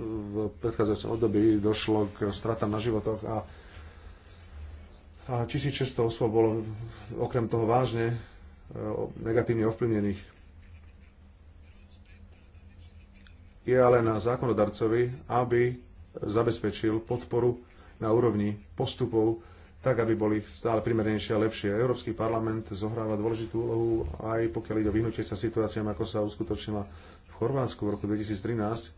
Speaker 1: v predchádzajúcom období došlo k stratám na životoch a, a 1600 osôb bolo okrem toho vážne e, negatívne ovplyvnených. Je ale na zákonodarcovi, aby zabezpečil podporu na úrovni postupov, tak aby boli stále primernejšie a lepšie. Európsky parlament zohráva dôležitú úlohu aj pokiaľ ide o vyhnutie sa situáciám, ako sa uskutočnila Chorvátsku v roku 2013,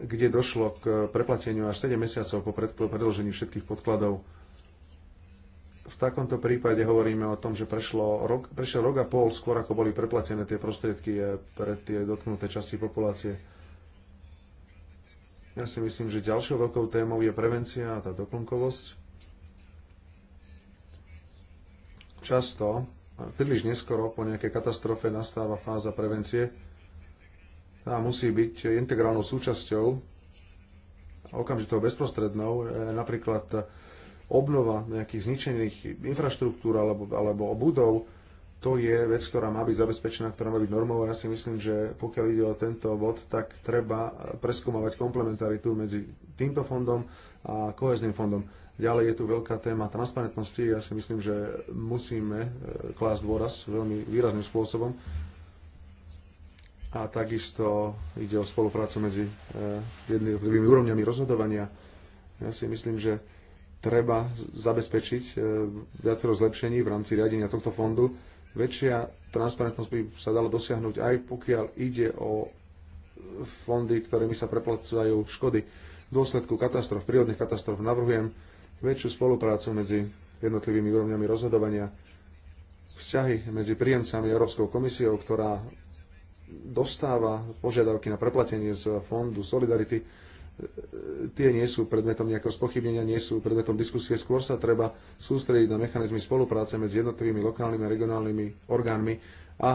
Speaker 1: kde došlo k preplateniu až 7 mesiacov po predložení všetkých podkladov. V takomto prípade hovoríme o tom, že prešlo rok, prešiel rok a pol skôr, ako boli preplatené tie prostriedky eh, pre tie dotknuté časti populácie. Ja si myslím, že ďalšou veľkou témou je prevencia a tá doplnkovosť. Často, príliš neskoro po nejakej katastrofe nastáva fáza prevencie, tá musí byť integrálnou súčasťou, okamžitou bezprostrednou, e, napríklad obnova nejakých zničených infraštruktúr alebo, alebo budov, to je vec, ktorá má byť zabezpečená, ktorá má byť normou a ja si myslím, že pokiaľ ide o tento bod, tak treba preskúmavať komplementaritu medzi týmto fondom a kohezným fondom. Ďalej je tu veľká téma transparentnosti. Ja si myslím, že musíme e, klásť dôraz veľmi výrazným spôsobom a takisto ide o spoluprácu medzi e, jednotlivými úrovňami rozhodovania. Ja si myslím, že treba zabezpečiť e, viacero zlepšení v rámci riadenia tohto fondu. Väčšia transparentnosť by sa dala dosiahnuť aj pokiaľ ide o fondy, ktorými sa preplácajú škody v dôsledku katastrof, prírodných katastrof. Navrhujem väčšiu spoluprácu medzi jednotlivými úrovňami rozhodovania, vzťahy medzi príjemcami Európskou komisiou, ktorá dostáva požiadavky na preplatenie z fondu Solidarity, e, tie nie sú predmetom nejakého spochybnenia, nie sú predmetom diskusie. Skôr sa treba sústrediť na mechanizmy spolupráce medzi jednotlivými lokálnymi a regionálnymi orgánmi a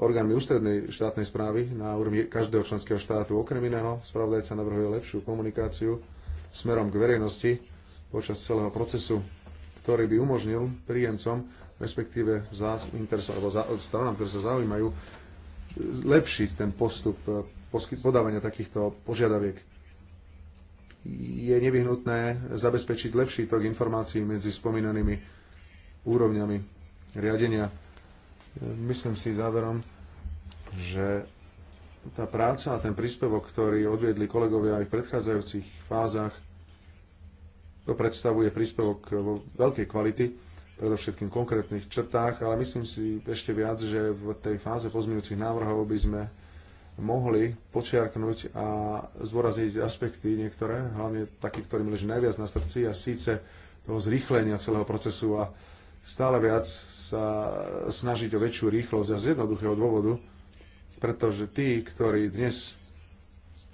Speaker 1: orgánmi ústrednej štátnej správy na úrovni každého členského štátu. Okrem iného, spravodajca navrhuje lepšiu komunikáciu smerom k verejnosti počas celého procesu, ktorý by umožnil príjemcom, respektíve za, interso, alebo za, stranám, ktoré sa zaujímajú zlepšiť ten postup eh, podávania takýchto požiadaviek. Je nevyhnutné zabezpečiť lepší tok informácií medzi spomínanými úrovňami riadenia. Myslím si záverom, že tá práca a ten príspevok, ktorý odviedli kolegovia aj v predchádzajúcich fázach, to predstavuje príspevok veľkej kvality predovšetkým konkrétnych črtách, ale myslím si ešte viac, že v tej fáze pozmeňujúcich návrhov by sme mohli počiarknúť a zdôrazniť aspekty niektoré, hlavne taký, ktorým leží najviac na srdci a síce toho zrýchlenia celého procesu a stále viac sa snažiť o väčšiu rýchlosť a z jednoduchého dôvodu, pretože tí, ktorí dnes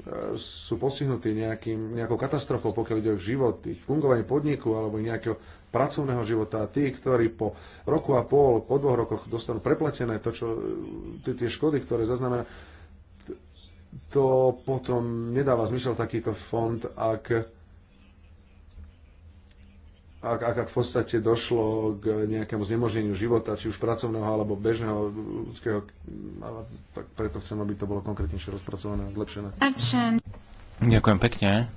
Speaker 1: e, sú postihnutí nejakým, nejakou katastrofou, pokiaľ ide o život, ich fungovanie podniku alebo nejakého pracovného života. Tí, ktorí po roku a pol, po dvoch rokoch dostanú preplatené to, čo, tie škody, ktoré zaznamená, to potom nedáva zmysel takýto fond, ak ak, ak, ak v podstate došlo k nejakému znemožneniu života, či už pracovného alebo bežného ľudského, tak preto chcem, aby to bolo konkrétnejšie rozpracované a zlepšené.
Speaker 2: Ďakujem pekne.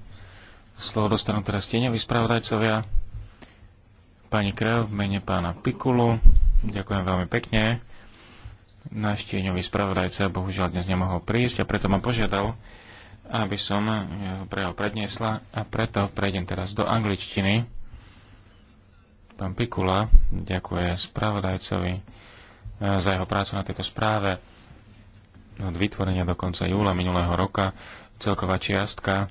Speaker 2: Slovo dostanú teraz tieňoví spravodajcovia pani Krev v mene pána Pikulu. Ďakujem veľmi pekne. Náš tieňový spravodajca bohužiaľ dnes nemohol prísť a preto ma požiadal, aby som jeho prejav predniesla a preto prejdem teraz do angličtiny. Pán Pikula ďakuje spravodajcovi eh, za jeho prácu na tejto správe od vytvorenia do konca júla minulého roka celková čiastka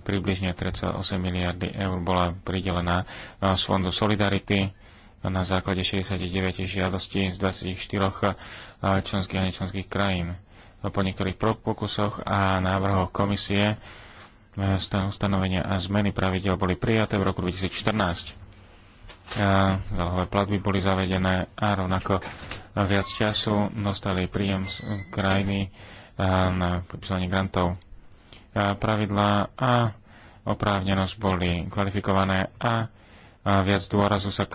Speaker 2: približne 3,8 miliardy eur bola pridelená eh, z Fondu Solidarity na základe 69 žiadostí z 24 eh, členských a nečlenských krajín. Po niektorých pokusoch a návrhoch komisie eh, ustanovenia a zmeny pravidel boli prijaté v roku 2014. Zálohové platby boli zavedené a rovnako viac času dostali príjem z krajiny na podpísanie grantov pravidlá a oprávnenosť boli kvalifikované a viac dôrazu sa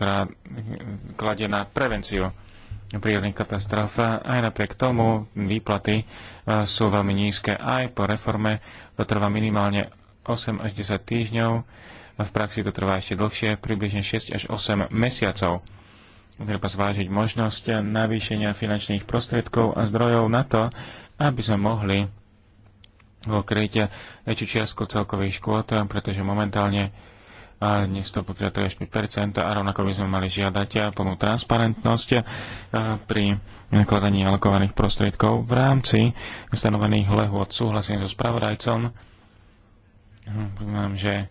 Speaker 2: kladie na prevenciu prírodných katastrof. Aj napriek tomu výplaty e, sú veľmi nízke. Aj po reforme to trvá minimálne 8 až 10 týždňov. V praxi to trvá ešte dlhšie, približne 6 až 8 mesiacov. Treba zvážiť možnosť navýšenia finančných prostriedkov a zdrojov na to, aby sme mohli okryť väčšiu čiastku celkových škôd, pretože momentálne a dnes to pokrýva 35% a rovnako by sme mali žiadať plnú transparentnosť pri nakladaní alokovaných prostriedkov v rámci stanovených lehôd. Súhlasím so spravodajcom, Vnímam, že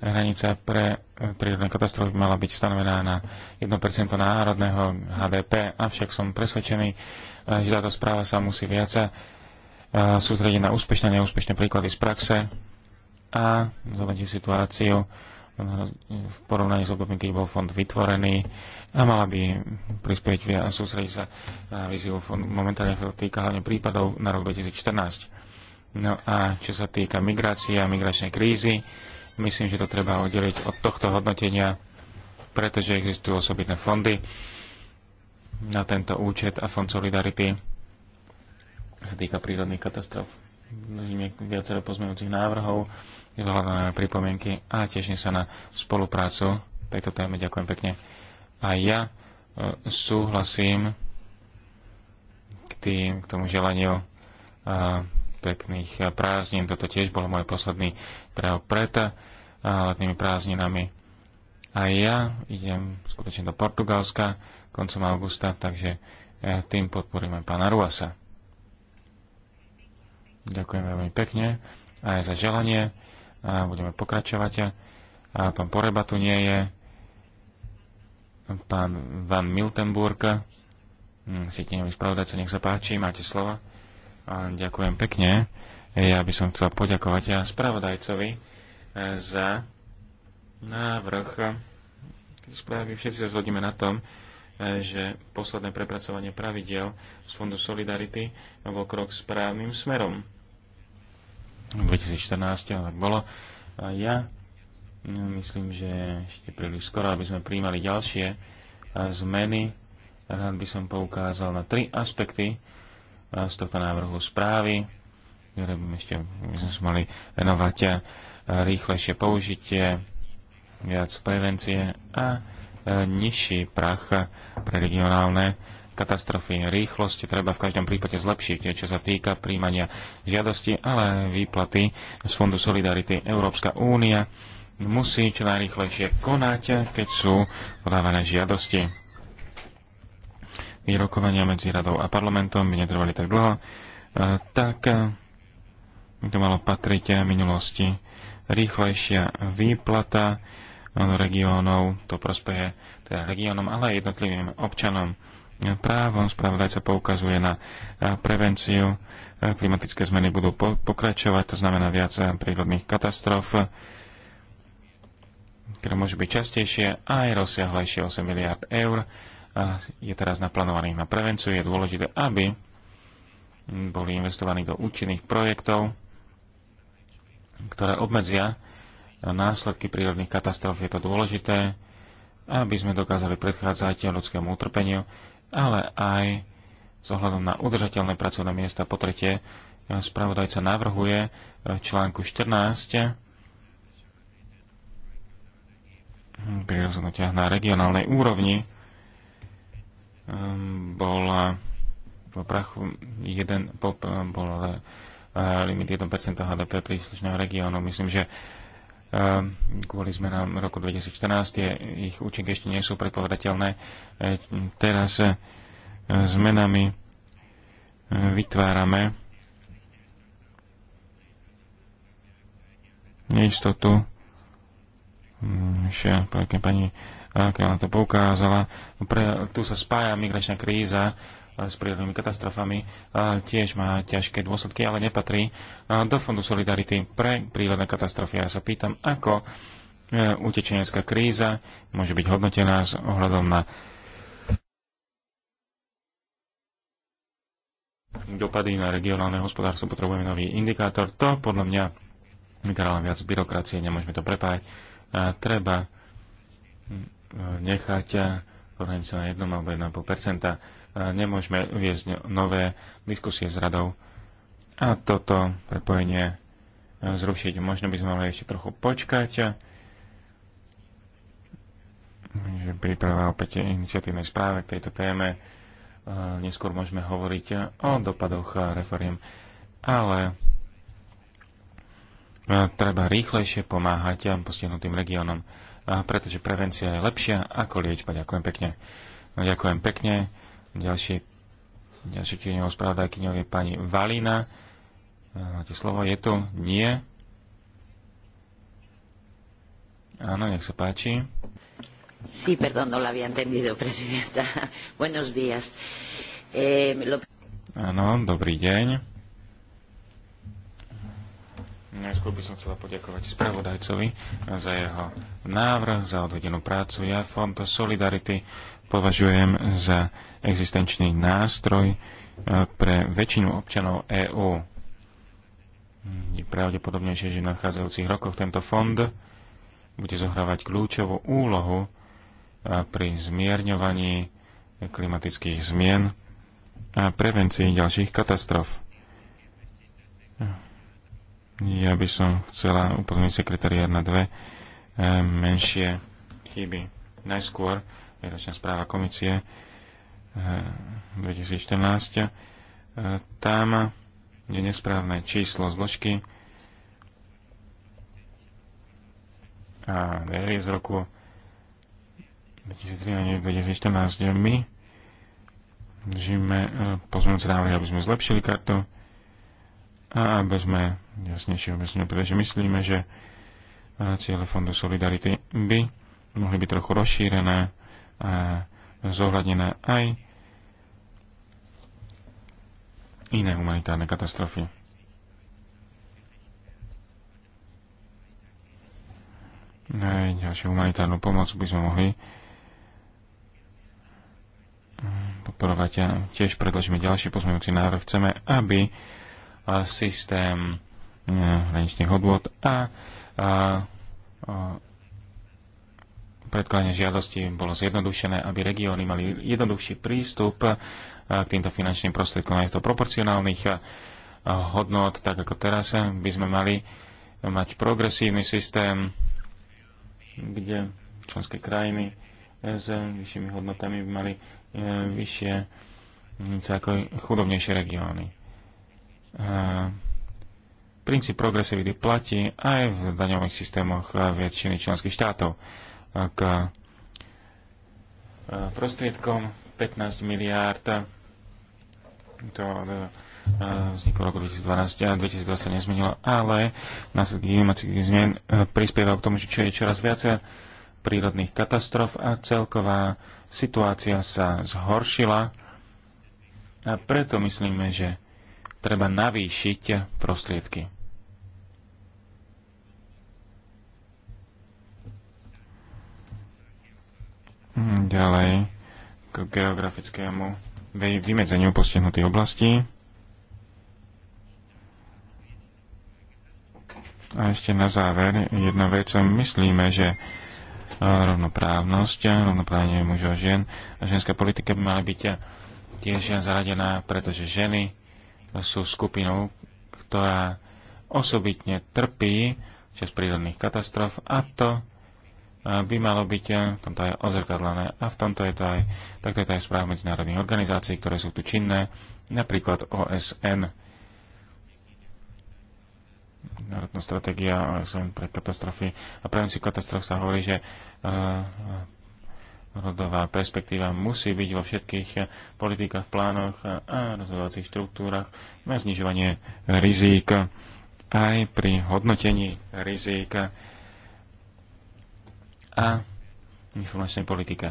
Speaker 2: hranica pre prírodné katastrofy mala byť stanovená na 1% národného HDP, avšak som presvedčený, že táto správa sa musí viac sústrediť na úspešné a neúspešné príklady z praxe a zohľadniť situáciu v porovnaní s obdobím, keď bol fond vytvorený a mala by prispieť a sústrediť sa na víziu fond. Momentálne sa týka hlavne prípadov na rok 2014. No a čo sa týka migrácie a migračnej krízy, myslím, že to treba oddeliť od tohto hodnotenia, pretože existujú osobitné fondy na tento účet a fond Solidarity čo sa týka prírodných katastrof. Vložíme viacero pozmeňujúcich návrhov, zohľadáme pripomienky a teším sa na spoluprácu tejto téme. Ďakujem pekne. A ja e, súhlasím k, tým, k tomu želaniu e, pekných prázdnin. Toto tiež bolo môj posledný prehok pred e, letnými prázdninami. A ja idem skutočne do Portugalska koncom augusta, takže tým podporíme pána Ruasa. Ďakujem veľmi pekne aj za želanie. A budeme pokračovať. A pán Poreba tu nie je. Pán Van Miltenburg. Hm, si tým spravodajca, nech sa páči, máte slovo. A ďakujem pekne. Ja by som chcel poďakovať ja spravodajcovi e, za návrh správy. Všetci sa zhodneme na tom, e, že posledné prepracovanie pravidel z Fondu Solidarity bol krok správnym smerom. 2014, tak bolo. A ja mm, myslím, že ešte príliš skoro, aby sme príjmali ďalšie e, zmeny. Rád by som poukázal na tri aspekty e, z tohto návrhu správy, ktoré by ešte by sme mali venovať e, rýchlejšie použitie, viac prevencie a nižší prach pre regionálne katastrofy. Rýchlosť treba v každom prípade zlepšiť, čo sa týka príjmania žiadosti, ale výplaty z Fondu Solidarity Európska únia musí čo najrýchlejšie konať, keď sú podávané žiadosti. vyrokovania medzi radou a parlamentom by netrvali tak dlho, e, tak e, to malo patriť minulosti. Rýchlejšia výplata regiónov, to prospeje teda regiónom, ale aj jednotlivým občanom právom. Spravodajca poukazuje na eh, prevenciu. Eh, klimatické zmeny budú pokračovať, to znamená viac eh, prírodných katastrof, ktoré môžu byť častejšie a aj rozsiahlejšie 8 miliard eur. Je teraz naplánovaných na prevenciu. Je dôležité, aby boli investovaní do účinných projektov, ktoré obmedzia následky prírodných katastrof. Je to dôležité, aby sme dokázali predchádzať ľudskému utrpeniu ale aj s ohľadom na udržateľné pracovné miesta. Po tretie, spravodajca navrhuje v e, článku 14 pri rozhodnutiach na regionálnej úrovni ehm, bola po prachu 1, bol, bol limit 1% HDP príslušného regiónu. Myslím, že kvôli zmenám roku 2014, tie ich účinky ešte nie sú predpovedateľné. E, teraz e, zmenami e, vytvárame neistotu. že pani Kráľa to poukázala. Pre, tu sa spája migračná kríza s prírodnými katastrofami tiež má ťažké dôsledky, ale nepatrí do Fondu Solidarity pre prírodné katastrofy. Ja sa pýtam, ako e, utečenecká kríza môže byť hodnotená s ohľadom na dopady na regionálne hospodárstvo. Potrebujeme nový indikátor. To podľa mňa vytvára len viac byrokracie, nemôžeme to prepájať. A treba mm, e, nechať rovnanicu na 1 alebo 1,5 nemôžeme viesť nové diskusie s radou a toto prepojenie e, zrušiť. Možno by sme mali ešte trochu počkať. Že príprava opäť iniciatívnej správe k tejto téme. E, neskôr môžeme hovoriť o dopadoch referiem, ale e, treba rýchlejšie pomáhať postihnutým regiónom, pretože prevencia je lepšia ako liečba. Ďakujem pekne. Ďakujem pekne. Ďalšie, ďalšie tieňovou spravodajkyňou je pani Valina. Máte slovo, je to? Nie. Áno, nech sa páči.
Speaker 3: Sí, perdón, no la había entendido, presidenta. *laughs* Buenos días. Eh, lo...
Speaker 2: Áno, dobrý deň. Najskôr by som chcela poďakovať spravodajcovi za jeho návrh, za odvedenú prácu. Ja Fond Solidarity považujem za existenčný nástroj e, pre väčšinu občanov EÚ. Je pravdepodobnejšie, že v nadchádzajúcich rokoch tento fond bude zohrávať kľúčovú úlohu e, pri zmierňovaní klimatických zmien a prevencii ďalších katastrof. Ja by som chcela upozorniť sekretariat na dve e, menšie chyby. Najskôr výročná správa komisie 2014, eh, eh, tam je nesprávne číslo zložky a je z roku 2013-2014 my držíme eh, pozmeňujúce návrhy, aby sme zlepšili kartu a aby sme jasnejšie objasnili, pretože myslíme, že cieľe Fondu Solidarity by mohli byť trochu rozšírené zohľadnené aj iné humanitárne katastrofy. No aj ďalšiu humanitárnu pomoc by sme mohli podporovať a tiež predložíme ďalší pozmeňujúci návrh. Chceme, aby systém e, hraničných odvod a, a, a predkladanie žiadosti bolo zjednodušené, aby regióny mali jednoduchší prístup eh, k týmto finančným prostriedkom aj to proporcionálnych eh, hodnot, tak ako teraz eh, by sme mali mať progresívny systém, kde členské krajiny s vyššími hodnotami by mali vyššie hm, ako chudobnejšie regióny. Princíp progresivity platí aj v daňových systémoch väčšiny členských štátov k eh, prostriedkom 15 miliárd. To eh, vzniklo roku 2012 a 2020 sa nezmenilo, ale následky klimatických zmien eh, prispieva k tomu, že je čoraz viac prírodných katastrof a celková situácia sa zhoršila a preto myslíme, že treba navýšiť prostriedky. Mhm, ďalej k geografickému vymedzeniu postihnutých oblastí. A ešte na záver jedna vec. Myslíme, že e, rovnoprávnosť, rovnoprávne mužov a žien a ženská politika by mala byť tiež zaradená, pretože ženy sú skupinou, ktorá osobitne trpí čas prírodných katastrof a to by malo byť eh, v tomto aj ozrkadlené a v tomto je to aj, takto je to aj správ medzinárodných organizácií, ktoré sú tu činné, napríklad OSN. Národná stratégia OSN pre katastrofy a prevenciu katastrof sa hovorí, že eh, rodová perspektíva musí byť vo všetkých eh, politikách, plánoch a rozhodovacích štruktúrach na znižovanie rizík aj pri hodnotení rizíka a informačnej politike.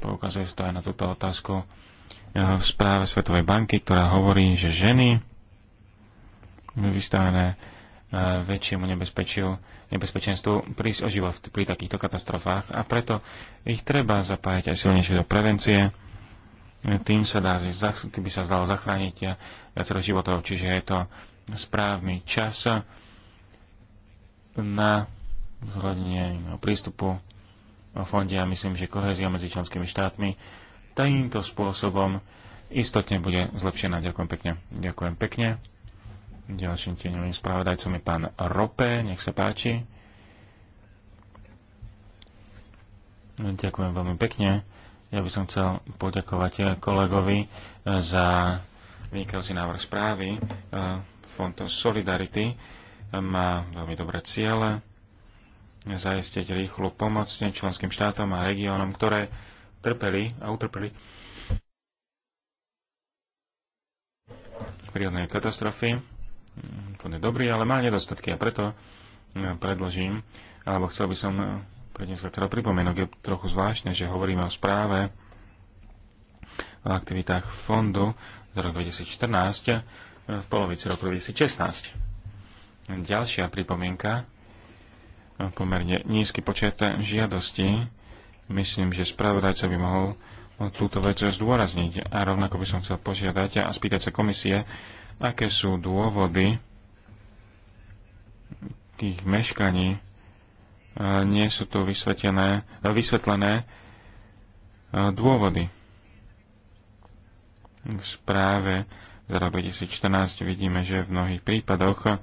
Speaker 2: Poukazuje sa to aj na túto otázku eh, v správe Svetovej banky, ktorá hovorí, že ženy vystavené eh, väčšiemu nebezpečiu, nebezpečenstvu prísť o život pri takýchto katastrofách a preto ich treba zapájať aj silnejšie do prevencie. Tým sa dá, tým by sa zdalo zachrániť eh, viacero životov, čiže je to správny čas na zhľadenie prístupu o fonde a myslím, že kohezia medzi členskými štátmi takýmto spôsobom istotne bude zlepšená. Ďakujem pekne. Ďakujem pekne. Ďalším tieňovým spravodajcom je pán Rope. Nech sa páči. No, ďakujem veľmi pekne. Ja by som chcel poďakovať kolegovi za vynikajúci návrh správy. Fond Solidarity má veľmi dobré ciele zajistiť rýchlu pomoc členským štátom a regiónom, ktoré trpeli a utrpeli prírodnej katastrofy. Fond je dobrý, ale má nedostatky a preto eh, predložím, alebo chcel by som eh, dnes viacero pripomenúť, Je trochu zvláštne, že hovoríme o správe o aktivitách fondu z roku 2014 eh, v polovici roku 2016. Ďalšia pripomienka pomerne nízky počet žiadostí. Myslím, že spravodajca by mohol túto vec zdôrazniť. A rovnako by som chcel požiadať a spýtať sa komisie, aké sú dôvody tých meškaní. Nie sú tu vysvetlené, vysvetlené dôvody. V správe za rok 2014 vidíme, že v mnohých prípadoch,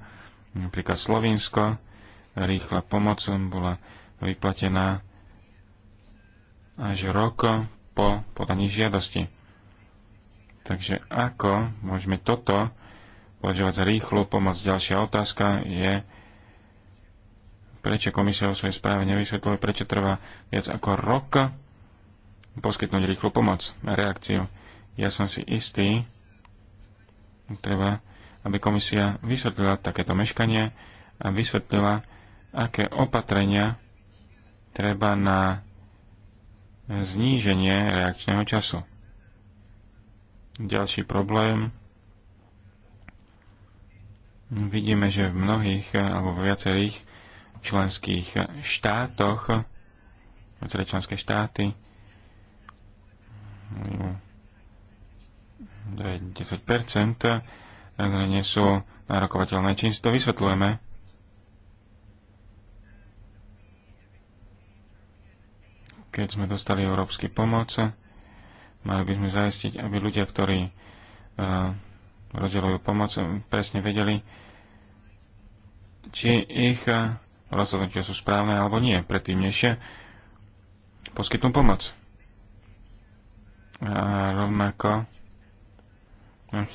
Speaker 2: napríklad Slovinsko, rýchla pomoc bola vyplatená až rok po podaní žiadosti. Takže ako môžeme toto považovať za rýchlu pomoc? Ďalšia otázka je, prečo komisia o svojej správe nevysvetľuje, prečo trvá viac ako rok poskytnúť rýchlu pomoc a reakciu. Ja som si istý, treba, aby komisia vysvetlila takéto meškanie a vysvetlila, aké opatrenia treba na zníženie reakčného času. Ďalší problém. Vidíme, že v mnohých alebo v viacerých členských štátoch, viaceré členské štáty, 10% eh, nie sú nárokovateľné. Čím si to vysvetľujeme? keď sme dostali európsky pomoc, mali by sme zaistiť, aby ľudia, ktorí e, rozdielujú pomoc, presne vedeli, či ich e, rozhodnutia sú správne alebo nie, predtým nešie poskytnú pomoc. A rovnako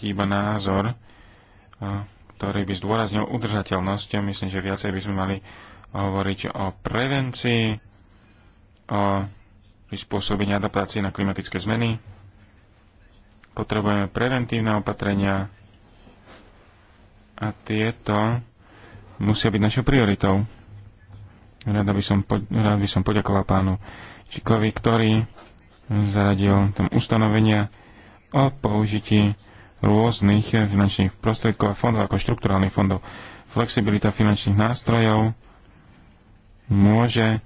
Speaker 2: chýba názor, e, ktorý by zdôraznil udržateľnosť. Myslím, že viacej by sme mali hovoriť o prevencii, o prispôsobení adaptácie na klimatické zmeny. Potrebujeme preventívne opatrenia a tieto musia byť našou prioritou. Rád by som, rád by som poďakoval pánu Čikovi, ktorý zaradil tam ustanovenia o použití rôznych finančných prostriedkov a fondov ako štrukturálnych fondov. Flexibilita finančných nástrojov môže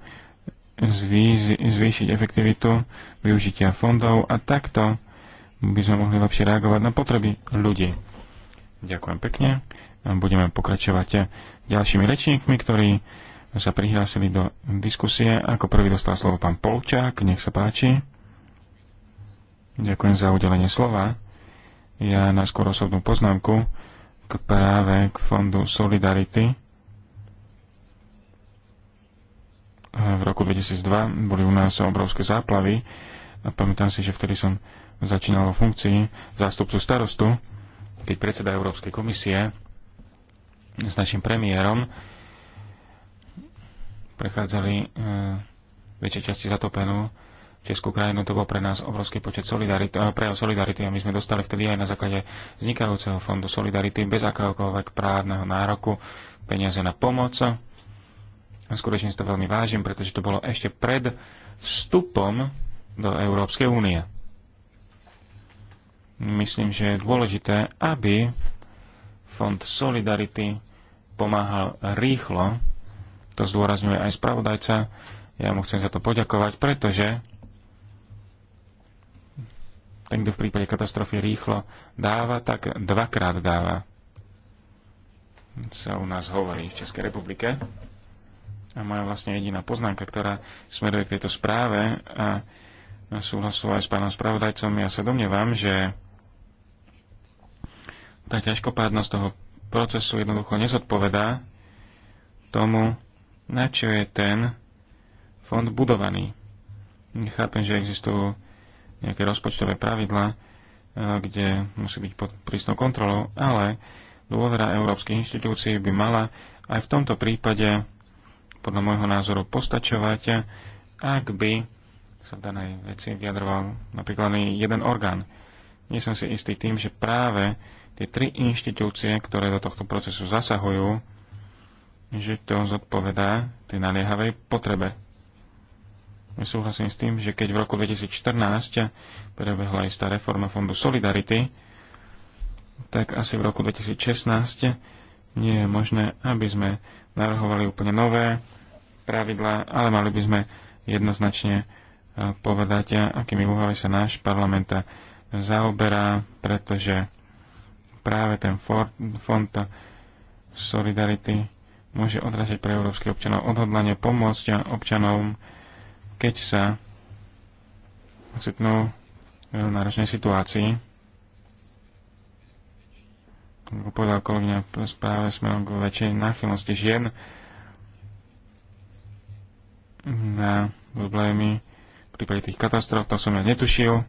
Speaker 2: zvýšiť efektivitu využitia fondov a takto by sme mohli lepšie reagovať na potreby ľudí. Ďakujem pekne. Budeme pokračovať ďalšími rečníkmi, ktorí sa prihlásili do diskusie. Ako prvý dostal slovo pán Polčák. Nech sa páči. Ďakujem za udelenie slova. Ja na skôr osobnú poznámku k práve k Fondu Solidarity v roku 2002 boli u nás obrovské záplavy a pamätám si, že vtedy som začínal vo funkcii zástupcu starostu, keď predseda Európskej komisie s našim premiérom prechádzali e, väčšej časti zatopenú Českú krajinu. To bol pre nás obrovský počet solidarity, e, prejav solidarity a my sme dostali vtedy aj na základe vznikajúceho fondu solidarity bez akéhokoľvek právneho nároku peniaze na pomoc a Skutočne si to veľmi vážim, pretože to bolo ešte pred vstupom do Európskej únie. Myslím, že je dôležité, aby Fond Solidarity pomáhal rýchlo. To zdôrazňuje aj spravodajca. Ja mu chcem za to poďakovať, pretože ten, kto v prípade katastrofy rýchlo dáva, tak dvakrát dáva. Sa u nás hovorí v Českej republike a moja vlastne jediná poznámka, ktorá smeruje k tejto správe a súhlasu aj s pánom spravodajcom, ja sa domnievam, že tá ťažkopádnosť toho procesu jednoducho nezodpovedá tomu, na čo je ten fond budovaný. Chápem, že existujú nejaké rozpočtové pravidla, e, kde musí byť pod prísnou kontrolou, ale dôvera európskych inštitúcií by mala aj v tomto prípade podľa môjho názoru postačovať, ak by sa v danej veci vyjadroval napríklad jeden orgán. Nie som si istý tým, že práve tie tri inštitúcie, ktoré do tohto procesu zasahujú, že to zodpovedá tej naliehavej potrebe. Ja súhlasím s tým, že keď v roku 2014 prebehla istá reforma Fondu Solidarity, tak asi v roku 2016 nie je možné, aby sme navrhovali úplne nové pravidlá, ale mali by sme jednoznačne e, povedať, akými úhlami sa náš parlament zaoberá, pretože práve ten fond Solidarity môže odražiť pre európskych občanov odhodlanie pomôcť občanom, keď sa ocitnú v náročnej situácii ako povedal kolegyňa správe smerom k väčšej náchylnosti žien na problémy v prípade tých katastrof, to som ja netušil.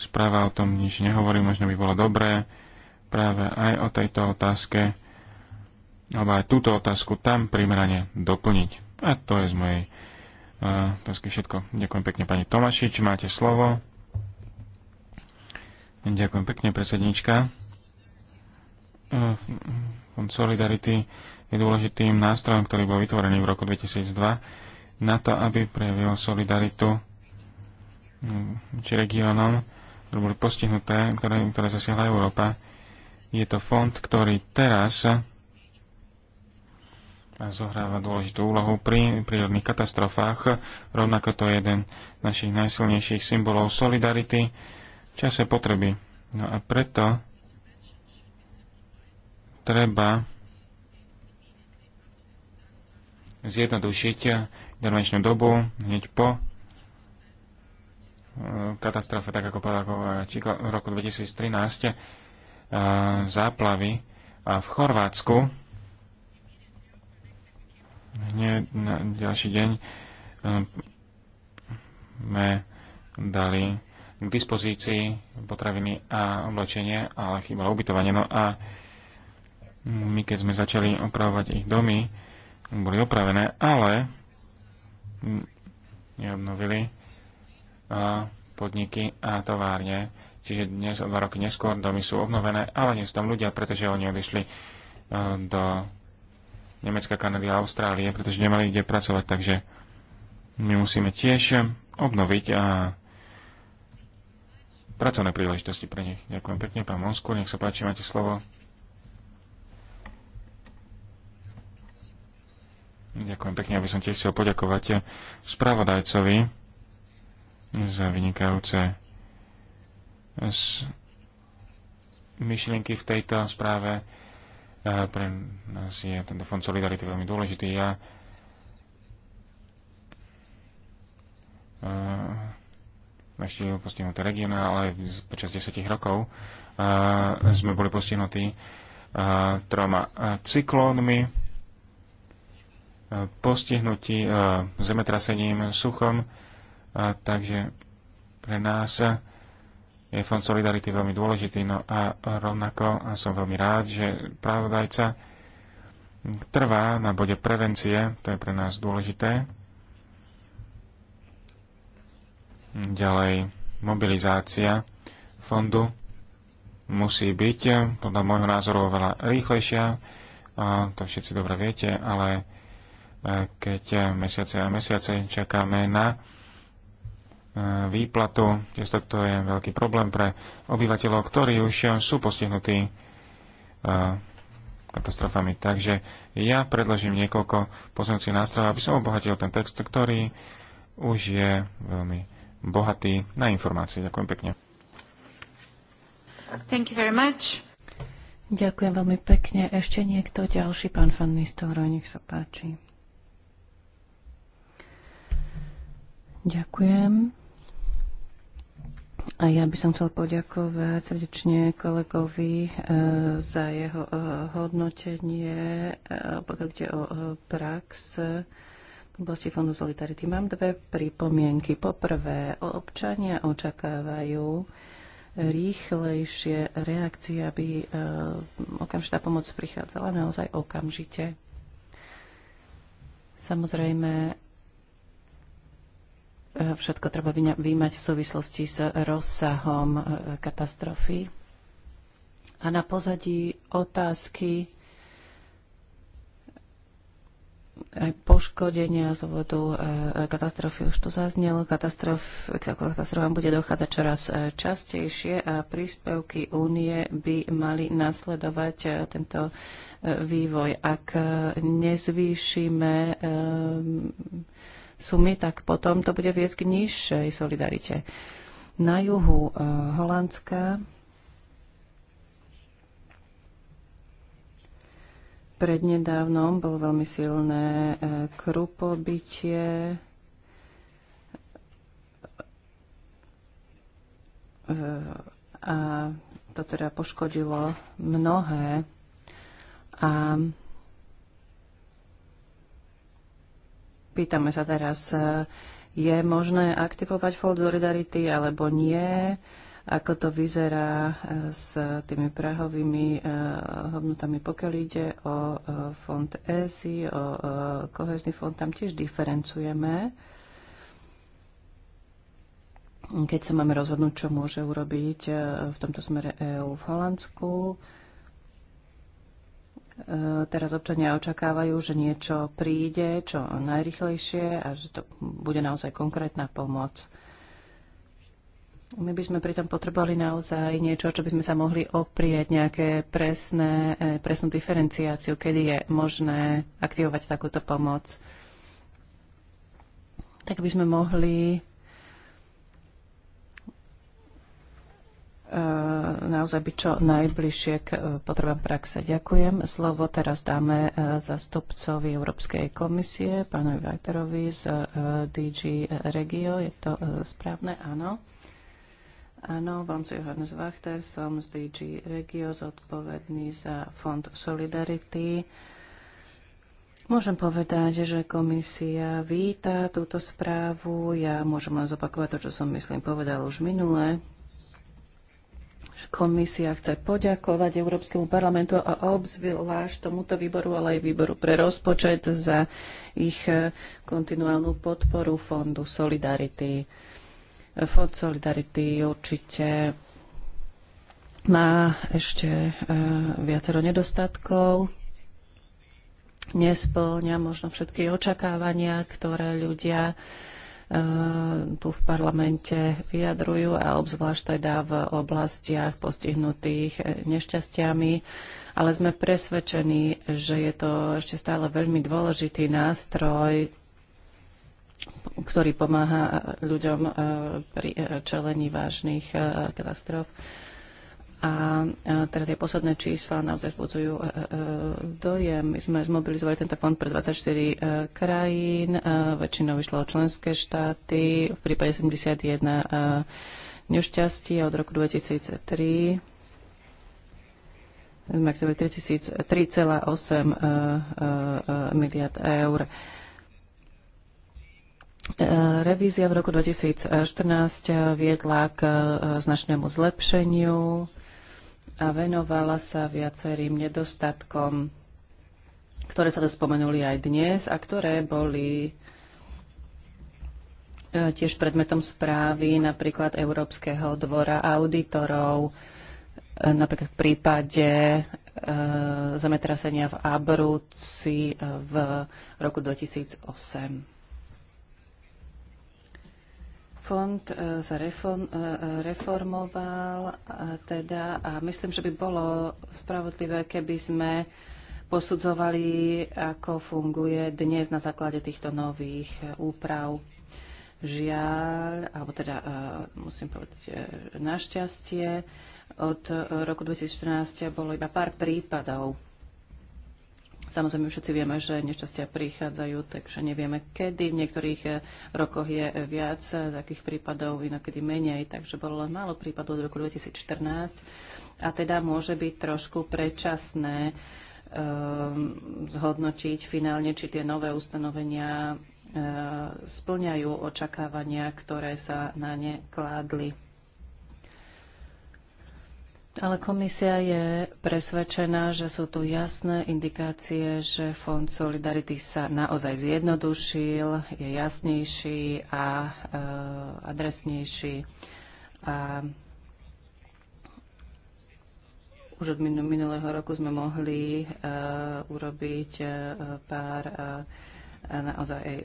Speaker 2: Správa o tom nič nehovorí, možno by bolo dobré práve aj o tejto otázke alebo aj túto otázku tam primerane doplniť. A to je z mojej uh, všetko. Ďakujem pekne pani Tomašič, máte slovo. Ďakujem pekne, predsednička. E, fond Solidarity je dôležitým nástrojom, ktorý bol vytvorený v roku 2002 na to, aby prejavil solidaritu mm, či regiónom, ktoré boli postihnuté, ktoré, ktoré zasiahla Európa. Je to fond, ktorý teraz zohráva dôležitú úlohu pri prírodných katastrofách. Rovnako to je jeden z našich najsilnejších symbolov solidarity v čase potreby. No a preto treba zjednodušiť intervenčnú dobu hneď po e, katastrofe, tak ako povedal v roku 2013, e, záplavy a v Chorvátsku hneď na ďalší deň e, sme dali k dispozícii potraviny a oblečenie, ale chýbalo ubytovanie. No a my keď sme začali opravovať ich domy, boli opravené, ale neobnovili a podniky a továrne. Čiže dnes dva roky neskôr domy sú obnovené, ale nie sú tam ľudia, pretože oni odišli e, do Nemecka, Kanady a Austrálie, pretože nemali kde pracovať, takže my musíme tiež obnoviť a pracovné príležitosti pre nich. Ďakujem pekne, pán Monsku, nech sa páči, máte slovo. Ďakujem pekne, aby som tiež chcel poďakovať spravodajcovi za vynikajúce myšlienky v tejto správe. E, pre nás je tento fond Solidarity veľmi dôležitý. Ja e, ešte postihnuté regióny, ale počas 10 rokov e, sme boli postihnutí troma cyklónmi Eh, postihnutí eh, zemetrasením, suchom. Eh, takže pre nás je Fond Solidarity veľmi dôležitý. No a rovnako a som veľmi rád, že právodajca trvá na bode prevencie, to je pre nás dôležité. Ďalej mobilizácia fondu musí byť podľa môjho názoru oveľa rýchlejšia, a to všetci dobre viete, ale keď mesiace a mesiace čakáme na e, výplatu. Tiež to je veľký problém pre obyvateľov, ktorí už sú postihnutí e, katastrofami. Takže ja predložím niekoľko posunúcich nástrojov, aby som obohatil ten text, ktorý už je veľmi bohatý na informácie. Ďakujem pekne.
Speaker 3: Thank you very much. Ďakujem veľmi pekne. Ešte niekto ďalší, pán Fan Nistelroj, nech sa páči. Ďakujem. A ja by som chcel poďakovať srdečne kolegovi eh, za jeho eh, hodnotenie, eh, pokiaľ ide o prax v oblasti Fondu Solidarity. Mám dve pripomienky. Poprvé, občania očakávajú rýchlejšie reakcie, aby okamžitá pomoc prichádzala naozaj okamžite. Samozrejme, všetko treba vnímať v súvislosti s rozsahom e, katastrofy. A na pozadí otázky aj poškodenia z dôvodu e, katastrofy, už tu zaznelo, katastrof, katastrofám bude dochádzať čoraz e, častejšie a príspevky únie by mali nasledovať tento vývoj. Ak nezvýšime sumy, tak potom to bude viesť k nižšej solidarite. Na juhu eh, Holandska prednedávnom bolo veľmi silné eh, krupobytie. Eh, a to teda poškodilo mnohé. A Pýtame sa teraz, e, je možné aktivovať Fold Solidarity alebo nie? Ako to vyzerá e, s tými prahovými e, hodnotami, pokiaľ ide o fond ESI, o kohezný fond, tam tiež diferencujeme keď sa máme rozhodnúť, čo môže urobiť v tomto smere EÚ v Holandsku. E, teraz občania očakávajú, že niečo príde, čo najrychlejšie a že to bude naozaj konkrétna pomoc. My by sme pritom potrebovali naozaj niečo, čo by sme sa mohli oprieť, nejaké presné, e, presnú diferenciáciu, kedy je možné aktivovať takúto pomoc. Tak by sme mohli E, naozaj byť čo najbližšie k e, potrebám praxe. Ďakujem. Slovo teraz dáme e, zastupcovi Európskej komisie, pánovi Vajterovi z DG Regio. Je to správne? Áno. Áno, vám si Johannes Wachter, som z DG Regio, zodpovedný za Fond Solidarity. Môžem povedať, že komisia víta túto správu. Ja môžem len zopakovať to, čo som, myslím, povedal už minule Komisia chce poďakovať Európskemu parlamentu a obzvlášť tomuto výboru, ale aj výboru pre rozpočet za ich e, kontinuálnu podporu Fondu Solidarity. Fond Solidarity určite má ešte e, viacero nedostatkov, nesplňa možno všetky očakávania, ktoré ľudia Eh, tu v parlamente vyjadrujú a obzvlášť teda v oblastiach postihnutých nešťastiami. Ale sme presvedčení, že je to ešte stále veľmi dôležitý nástroj ktorý pomáha ľuďom eh, pri eh, čelení vážnych katastrof. A teda tie posledné čísla naozaj vzbudzujú e, e, dojem. My sme zmobilizovali tento fond pre 24 e, krajín, väčšinou vyšlo o členské štáty, v prípade 71 nešťastí od roku 2003 sme aktivovali 3,8 miliard eur. Revízia v roku 2014 viedla k značnému zlepšeniu a venovala sa viacerým nedostatkom, ktoré sa spomenuli aj dnes a ktoré boli e, tiež predmetom správy napríklad Európskeho dvora auditorov, e, napríklad v prípade e, zemetrasenia v Abruci v roku 2008 fond e, sa e, e, reformoval teda, a myslím, že by bolo spravodlivé, keby sme posudzovali, ako funguje dnes na základe týchto nových úprav. Žiaľ, alebo teda musím povedať našťastie, od roku 2014 bolo iba pár prípadov Samozrejme, všetci vieme, že nešťastia prichádzajú, takže nevieme kedy. V niektorých eh, rokoch je viac eh, takých prípadov, inokedy menej, takže bolo len málo prípadov od roku 2014. A teda môže byť trošku predčasné um, zhodnotiť finálne, či tie nové ustanovenia eh, splňajú očakávania, ktoré sa na ne kládli. Ale komisia je presvedčená, že sú tu jasné indikácie, že Fond Solidarity sa naozaj zjednodušil, je jasnejší a e, adresnejší. A už od minulého roku sme mohli e, urobiť e, pár e, naozaj e,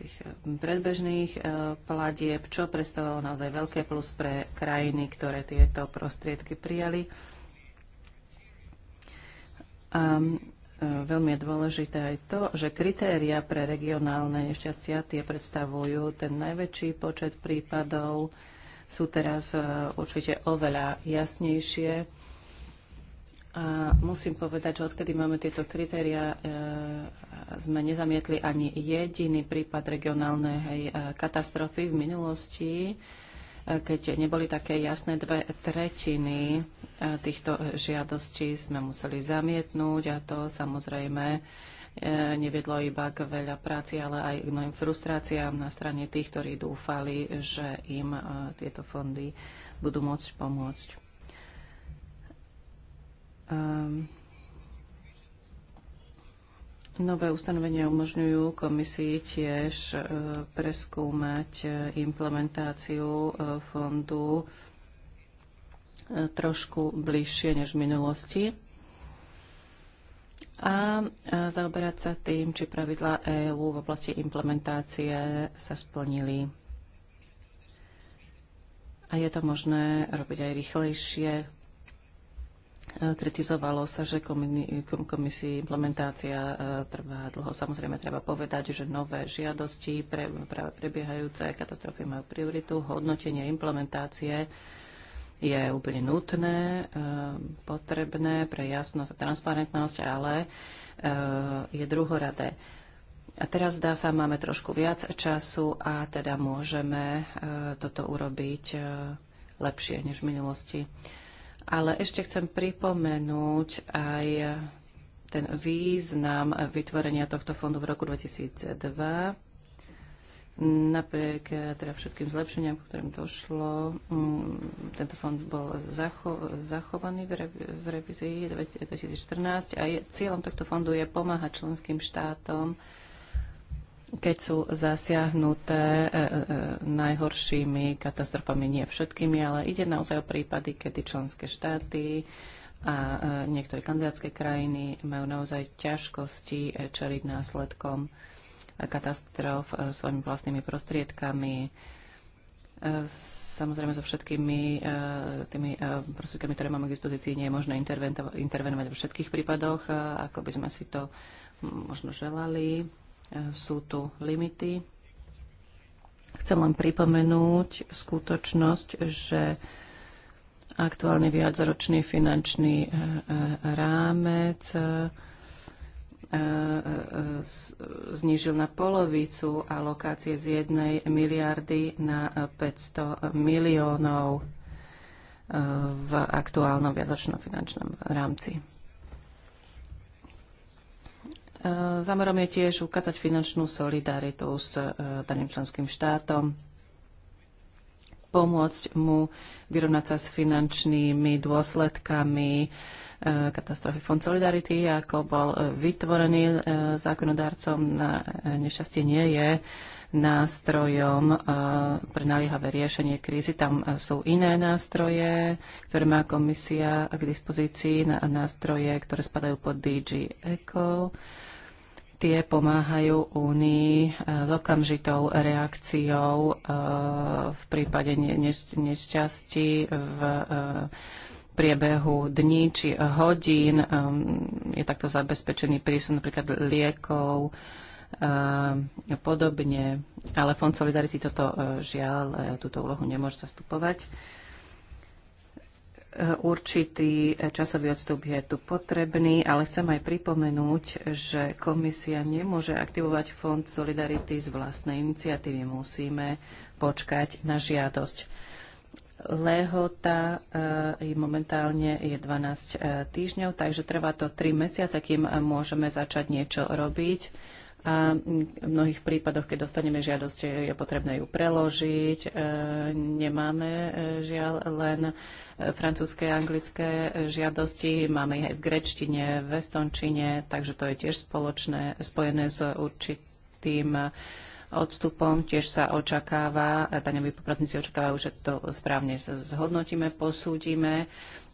Speaker 3: tých predbežných e, platieb, čo predstavovalo naozaj veľké plus pre krajiny, ktoré tieto prostriedky prijali. A e, veľmi je dôležité aj to, že kritéria pre regionálne nešťastia tie predstavujú ten najväčší počet prípadov, sú teraz určite oveľa jasnejšie a musím povedať, že odkedy máme tieto kritéria, e, sme nezamietli ani jediný prípad regionálnej e, katastrofy v minulosti, e, keď neboli také jasné dve tretiny e, týchto žiadostí sme museli zamietnúť a to samozrejme e, neviedlo iba k veľa práci, ale aj k mnohým frustráciám na strane tých, ktorí dúfali, že im e, tieto fondy budú môcť pomôcť. Ehm, nové ustanovenia umožňujú komisii tiež e, preskúmať e, implementáciu e, fondu trošku bližšie než v minulosti a zaoberať sa tým, či pravidlá EÚ v oblasti implementácie sa splnili. A je to možné robiť aj rýchlejšie, Eh, kritizovalo sa, že komisii implementácia eh, trvá dlho. Samozrejme, treba povedať, že nové žiadosti pre, práve prebiehajúce katastrofy majú prioritu. Hodnotenie implementácie je úplne nutné, eh, potrebné pre jasnosť a transparentnosť, ale je druhoradé. A teraz zdá sa, máme trošku viac času a teda môžeme toto urobiť lepšie než v minulosti. Ale ešte chcem pripomenúť aj ten význam vytvorenia tohto fondu v roku 2002. Napriek teda všetkým zlepšeniam, ktorým došlo, mm, tento fond bol zacho- zachovaný v, rev- v revizii 2014 a je, cieľom tohto fondu je pomáhať členským štátom keď sú zasiahnuté e, e, e, najhoršími katastrofami, nie všetkými, ale ide naozaj o prípady, kedy členské štáty a niektoré kandidátske krajiny majú naozaj ťažkosti čeliť následkom katastrof svojimi vlastnými prostriedkami, Samozrejme so všetkými tými prostriedkami, ktoré máme k dispozícii, nie je možné intervenovať vo všetkých prípadoch, ako by sme si to možno želali sú tu limity. Chcem len pripomenúť skutočnosť, že aktuálne viacročný finančný e, e, rámec e, znížil na polovicu alokácie z 1 miliardy na 500 miliónov v aktuálnom viacročnom finančnom rámci. E, zámerom je tiež ukázať finančnú solidaritu s e, daným členským štátom, pomôcť mu vyrovnať sa s finančnými dôsledkami e, katastrofy Fond Solidarity, ako bol vytvorený zákonodárcom na nešťastie nie je nástrojom pre naliehavé riešenie krízy. Tam sú iné nástroje, ktoré má komisia k dispozícii, nástroje, ktoré spadajú pod DG ECO Tie pomáhajú Únii e, s okamžitou reakciou e, v prípade nešťastí v e, priebehu dní či hodín. Je takto zabezpečený prísun napríklad liekov a podobne. Ale Fond Solidarity toto žiaľ, túto úlohu nemôže zastupovať. Určitý časový odstup je tu potrebný, ale chcem aj pripomenúť, že komisia nemôže aktivovať fond Solidarity z vlastnej iniciatívy. Musíme počkať na žiadosť. Lehota eh, je momentálne je 12 eh, týždňov, takže trvá to 3 mesiace, kým eh, môžeme začať niečo robiť a v mnohých prípadoch, keď dostaneme žiadosť, je potrebné ju preložiť. E, nemáme e, žiaľ len e, francúzske a anglické žiadosti, máme ich aj v grečtine, v estončine, takže to je tiež spoločné, spojené s určitým odstupom. Tiež sa očakáva, daňoví poplatníci očakávajú, že to správne zhodnotíme, posúdime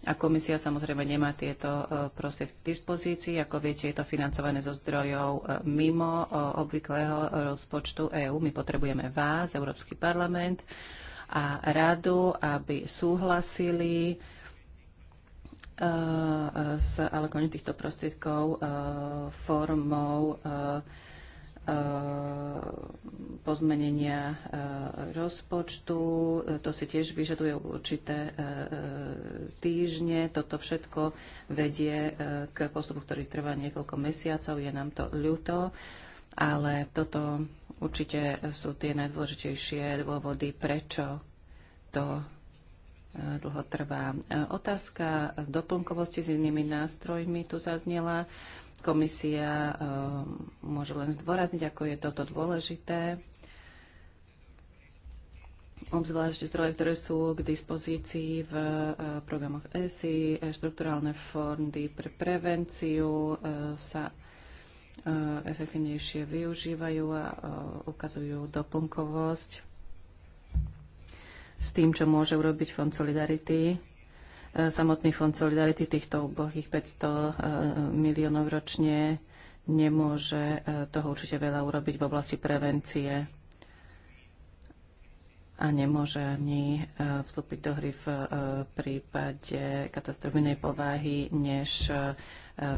Speaker 3: a komisia samozrejme nemá tieto e, prostriedky k dispozícii. Ako viete, je to financované zo zdrojov e, mimo e, obvyklého rozpočtu EÚ. My potrebujeme vás, Európsky parlament a radu, aby súhlasili s alokovaním týchto prostriedkov formou Eh, pozmenenia eh, rozpočtu. To si tiež vyžaduje určité eh, týždne. Toto všetko vedie k postupu, ktorý trvá niekoľko mesiacov. Je nám to ľúto, ale toto určite sú tie najdôležitejšie dôvody, prečo to dlho trvá. Otázka doplnkovosti s inými nástrojmi tu zaznela. Komisia eh, môže len zdôrazniť, ako je toto dôležité. Obzvlášť zdroje, ktoré sú k dispozícii v eh, programoch ESI, eh, štrukturálne fondy pre prevenciu sa efektívnejšie využívajú a ukazujú doplnkovosť s tým, čo môže urobiť Fond Solidarity. E, samotný Fond Solidarity týchto ubohých 500 e, miliónov ročne nemôže e, toho určite veľa urobiť v oblasti prevencie a nemôže ani vstúpiť do hry v prípade katastrofinej povahy než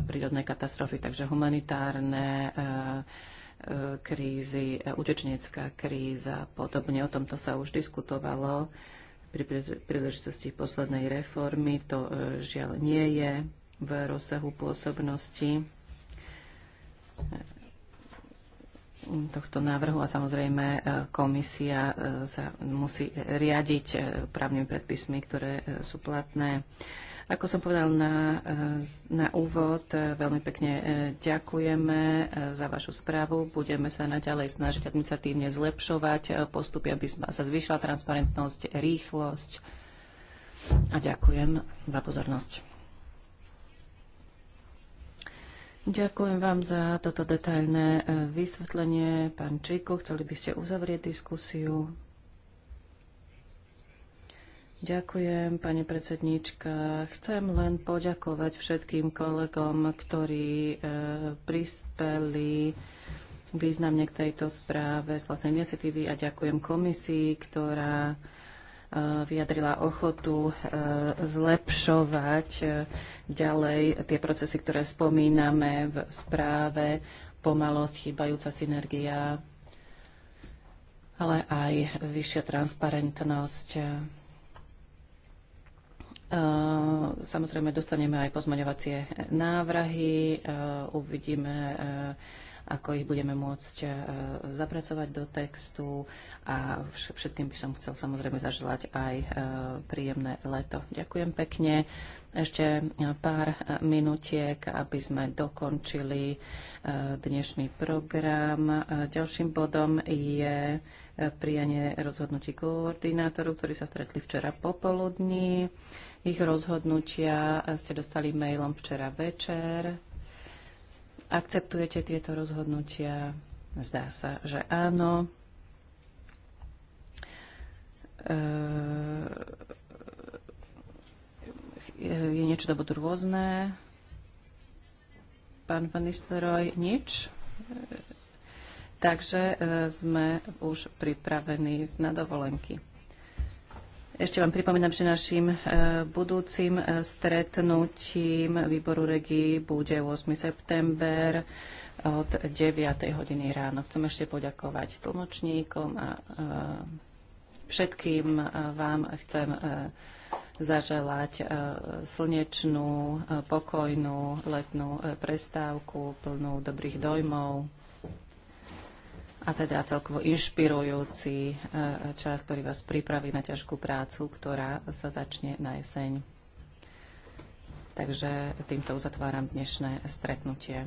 Speaker 3: prírodnej katastrofy. Takže humanitárne krízy, e, utečnecká kríza a podobne. O tomto sa už diskutovalo pri príležitosti poslednej reformy. To e, žiaľ nie je v rozsahu pôsobnosti e, tohto návrhu a samozrejme komisia sa musí riadiť právnymi predpismi, ktoré sú platné. Ako som povedal na, eh, na úvod, eh, veľmi pekne eh, ďakujeme za vašu správu. Budeme sa naďalej snažiť administratívne zlepšovať postupy, aby sa zvyšila transparentnosť, rýchlosť. A ďakujem za pozornosť. Ďakujem vám za toto detailné vysvetlenie. Pán Čiku, chceli by ste uzavrieť diskusiu? Ďakujem, pani predsednička. Chcem len poďakovať všetkým kolegom, ktorí e, prispeli významne k tejto správe z vlastnej iniciatívy a ďakujem komisii, ktorá e, vyjadrila ochotu e, zlepšovať e, ďalej tie procesy, ktoré spomíname v správe, pomalosť, chýbajúca synergia, ale aj vyššia transparentnosť Eh, samozrejme, dostaneme aj pozmaňovacie návrhy, eh, uvidíme, eh, ako ich budeme môcť zapracovať do textu a všetkým by som chcel samozrejme zaželať aj príjemné leto. Ďakujem pekne. Ešte pár minutiek, aby sme dokončili dnešný program. Ďalším bodom je prijanie rozhodnutí koordinátorov, ktorí sa stretli včera popoludní ich rozhodnutia ste dostali mailom včera večer. Akceptujete tieto rozhodnutia? Zdá sa, že áno. E, je niečo do bodu rôzne? Pán Van nič? E, takže e, sme už pripravení na dovolenky. Ešte vám pripomínam, že našim e, budúcim e, stretnutím výboru regí bude 8. september od 9. hodiny ráno. Chcem ešte poďakovať tlmočníkom a e, všetkým vám chcem zaželať slnečnú, pokojnú letnú prestávku plnú dobrých dojmov a teda celkovo inšpirujúci e, čas, ktorý vás pripraví na ťažkú prácu, ktorá sa začne na jeseň. Takže týmto uzatváram dnešné stretnutie.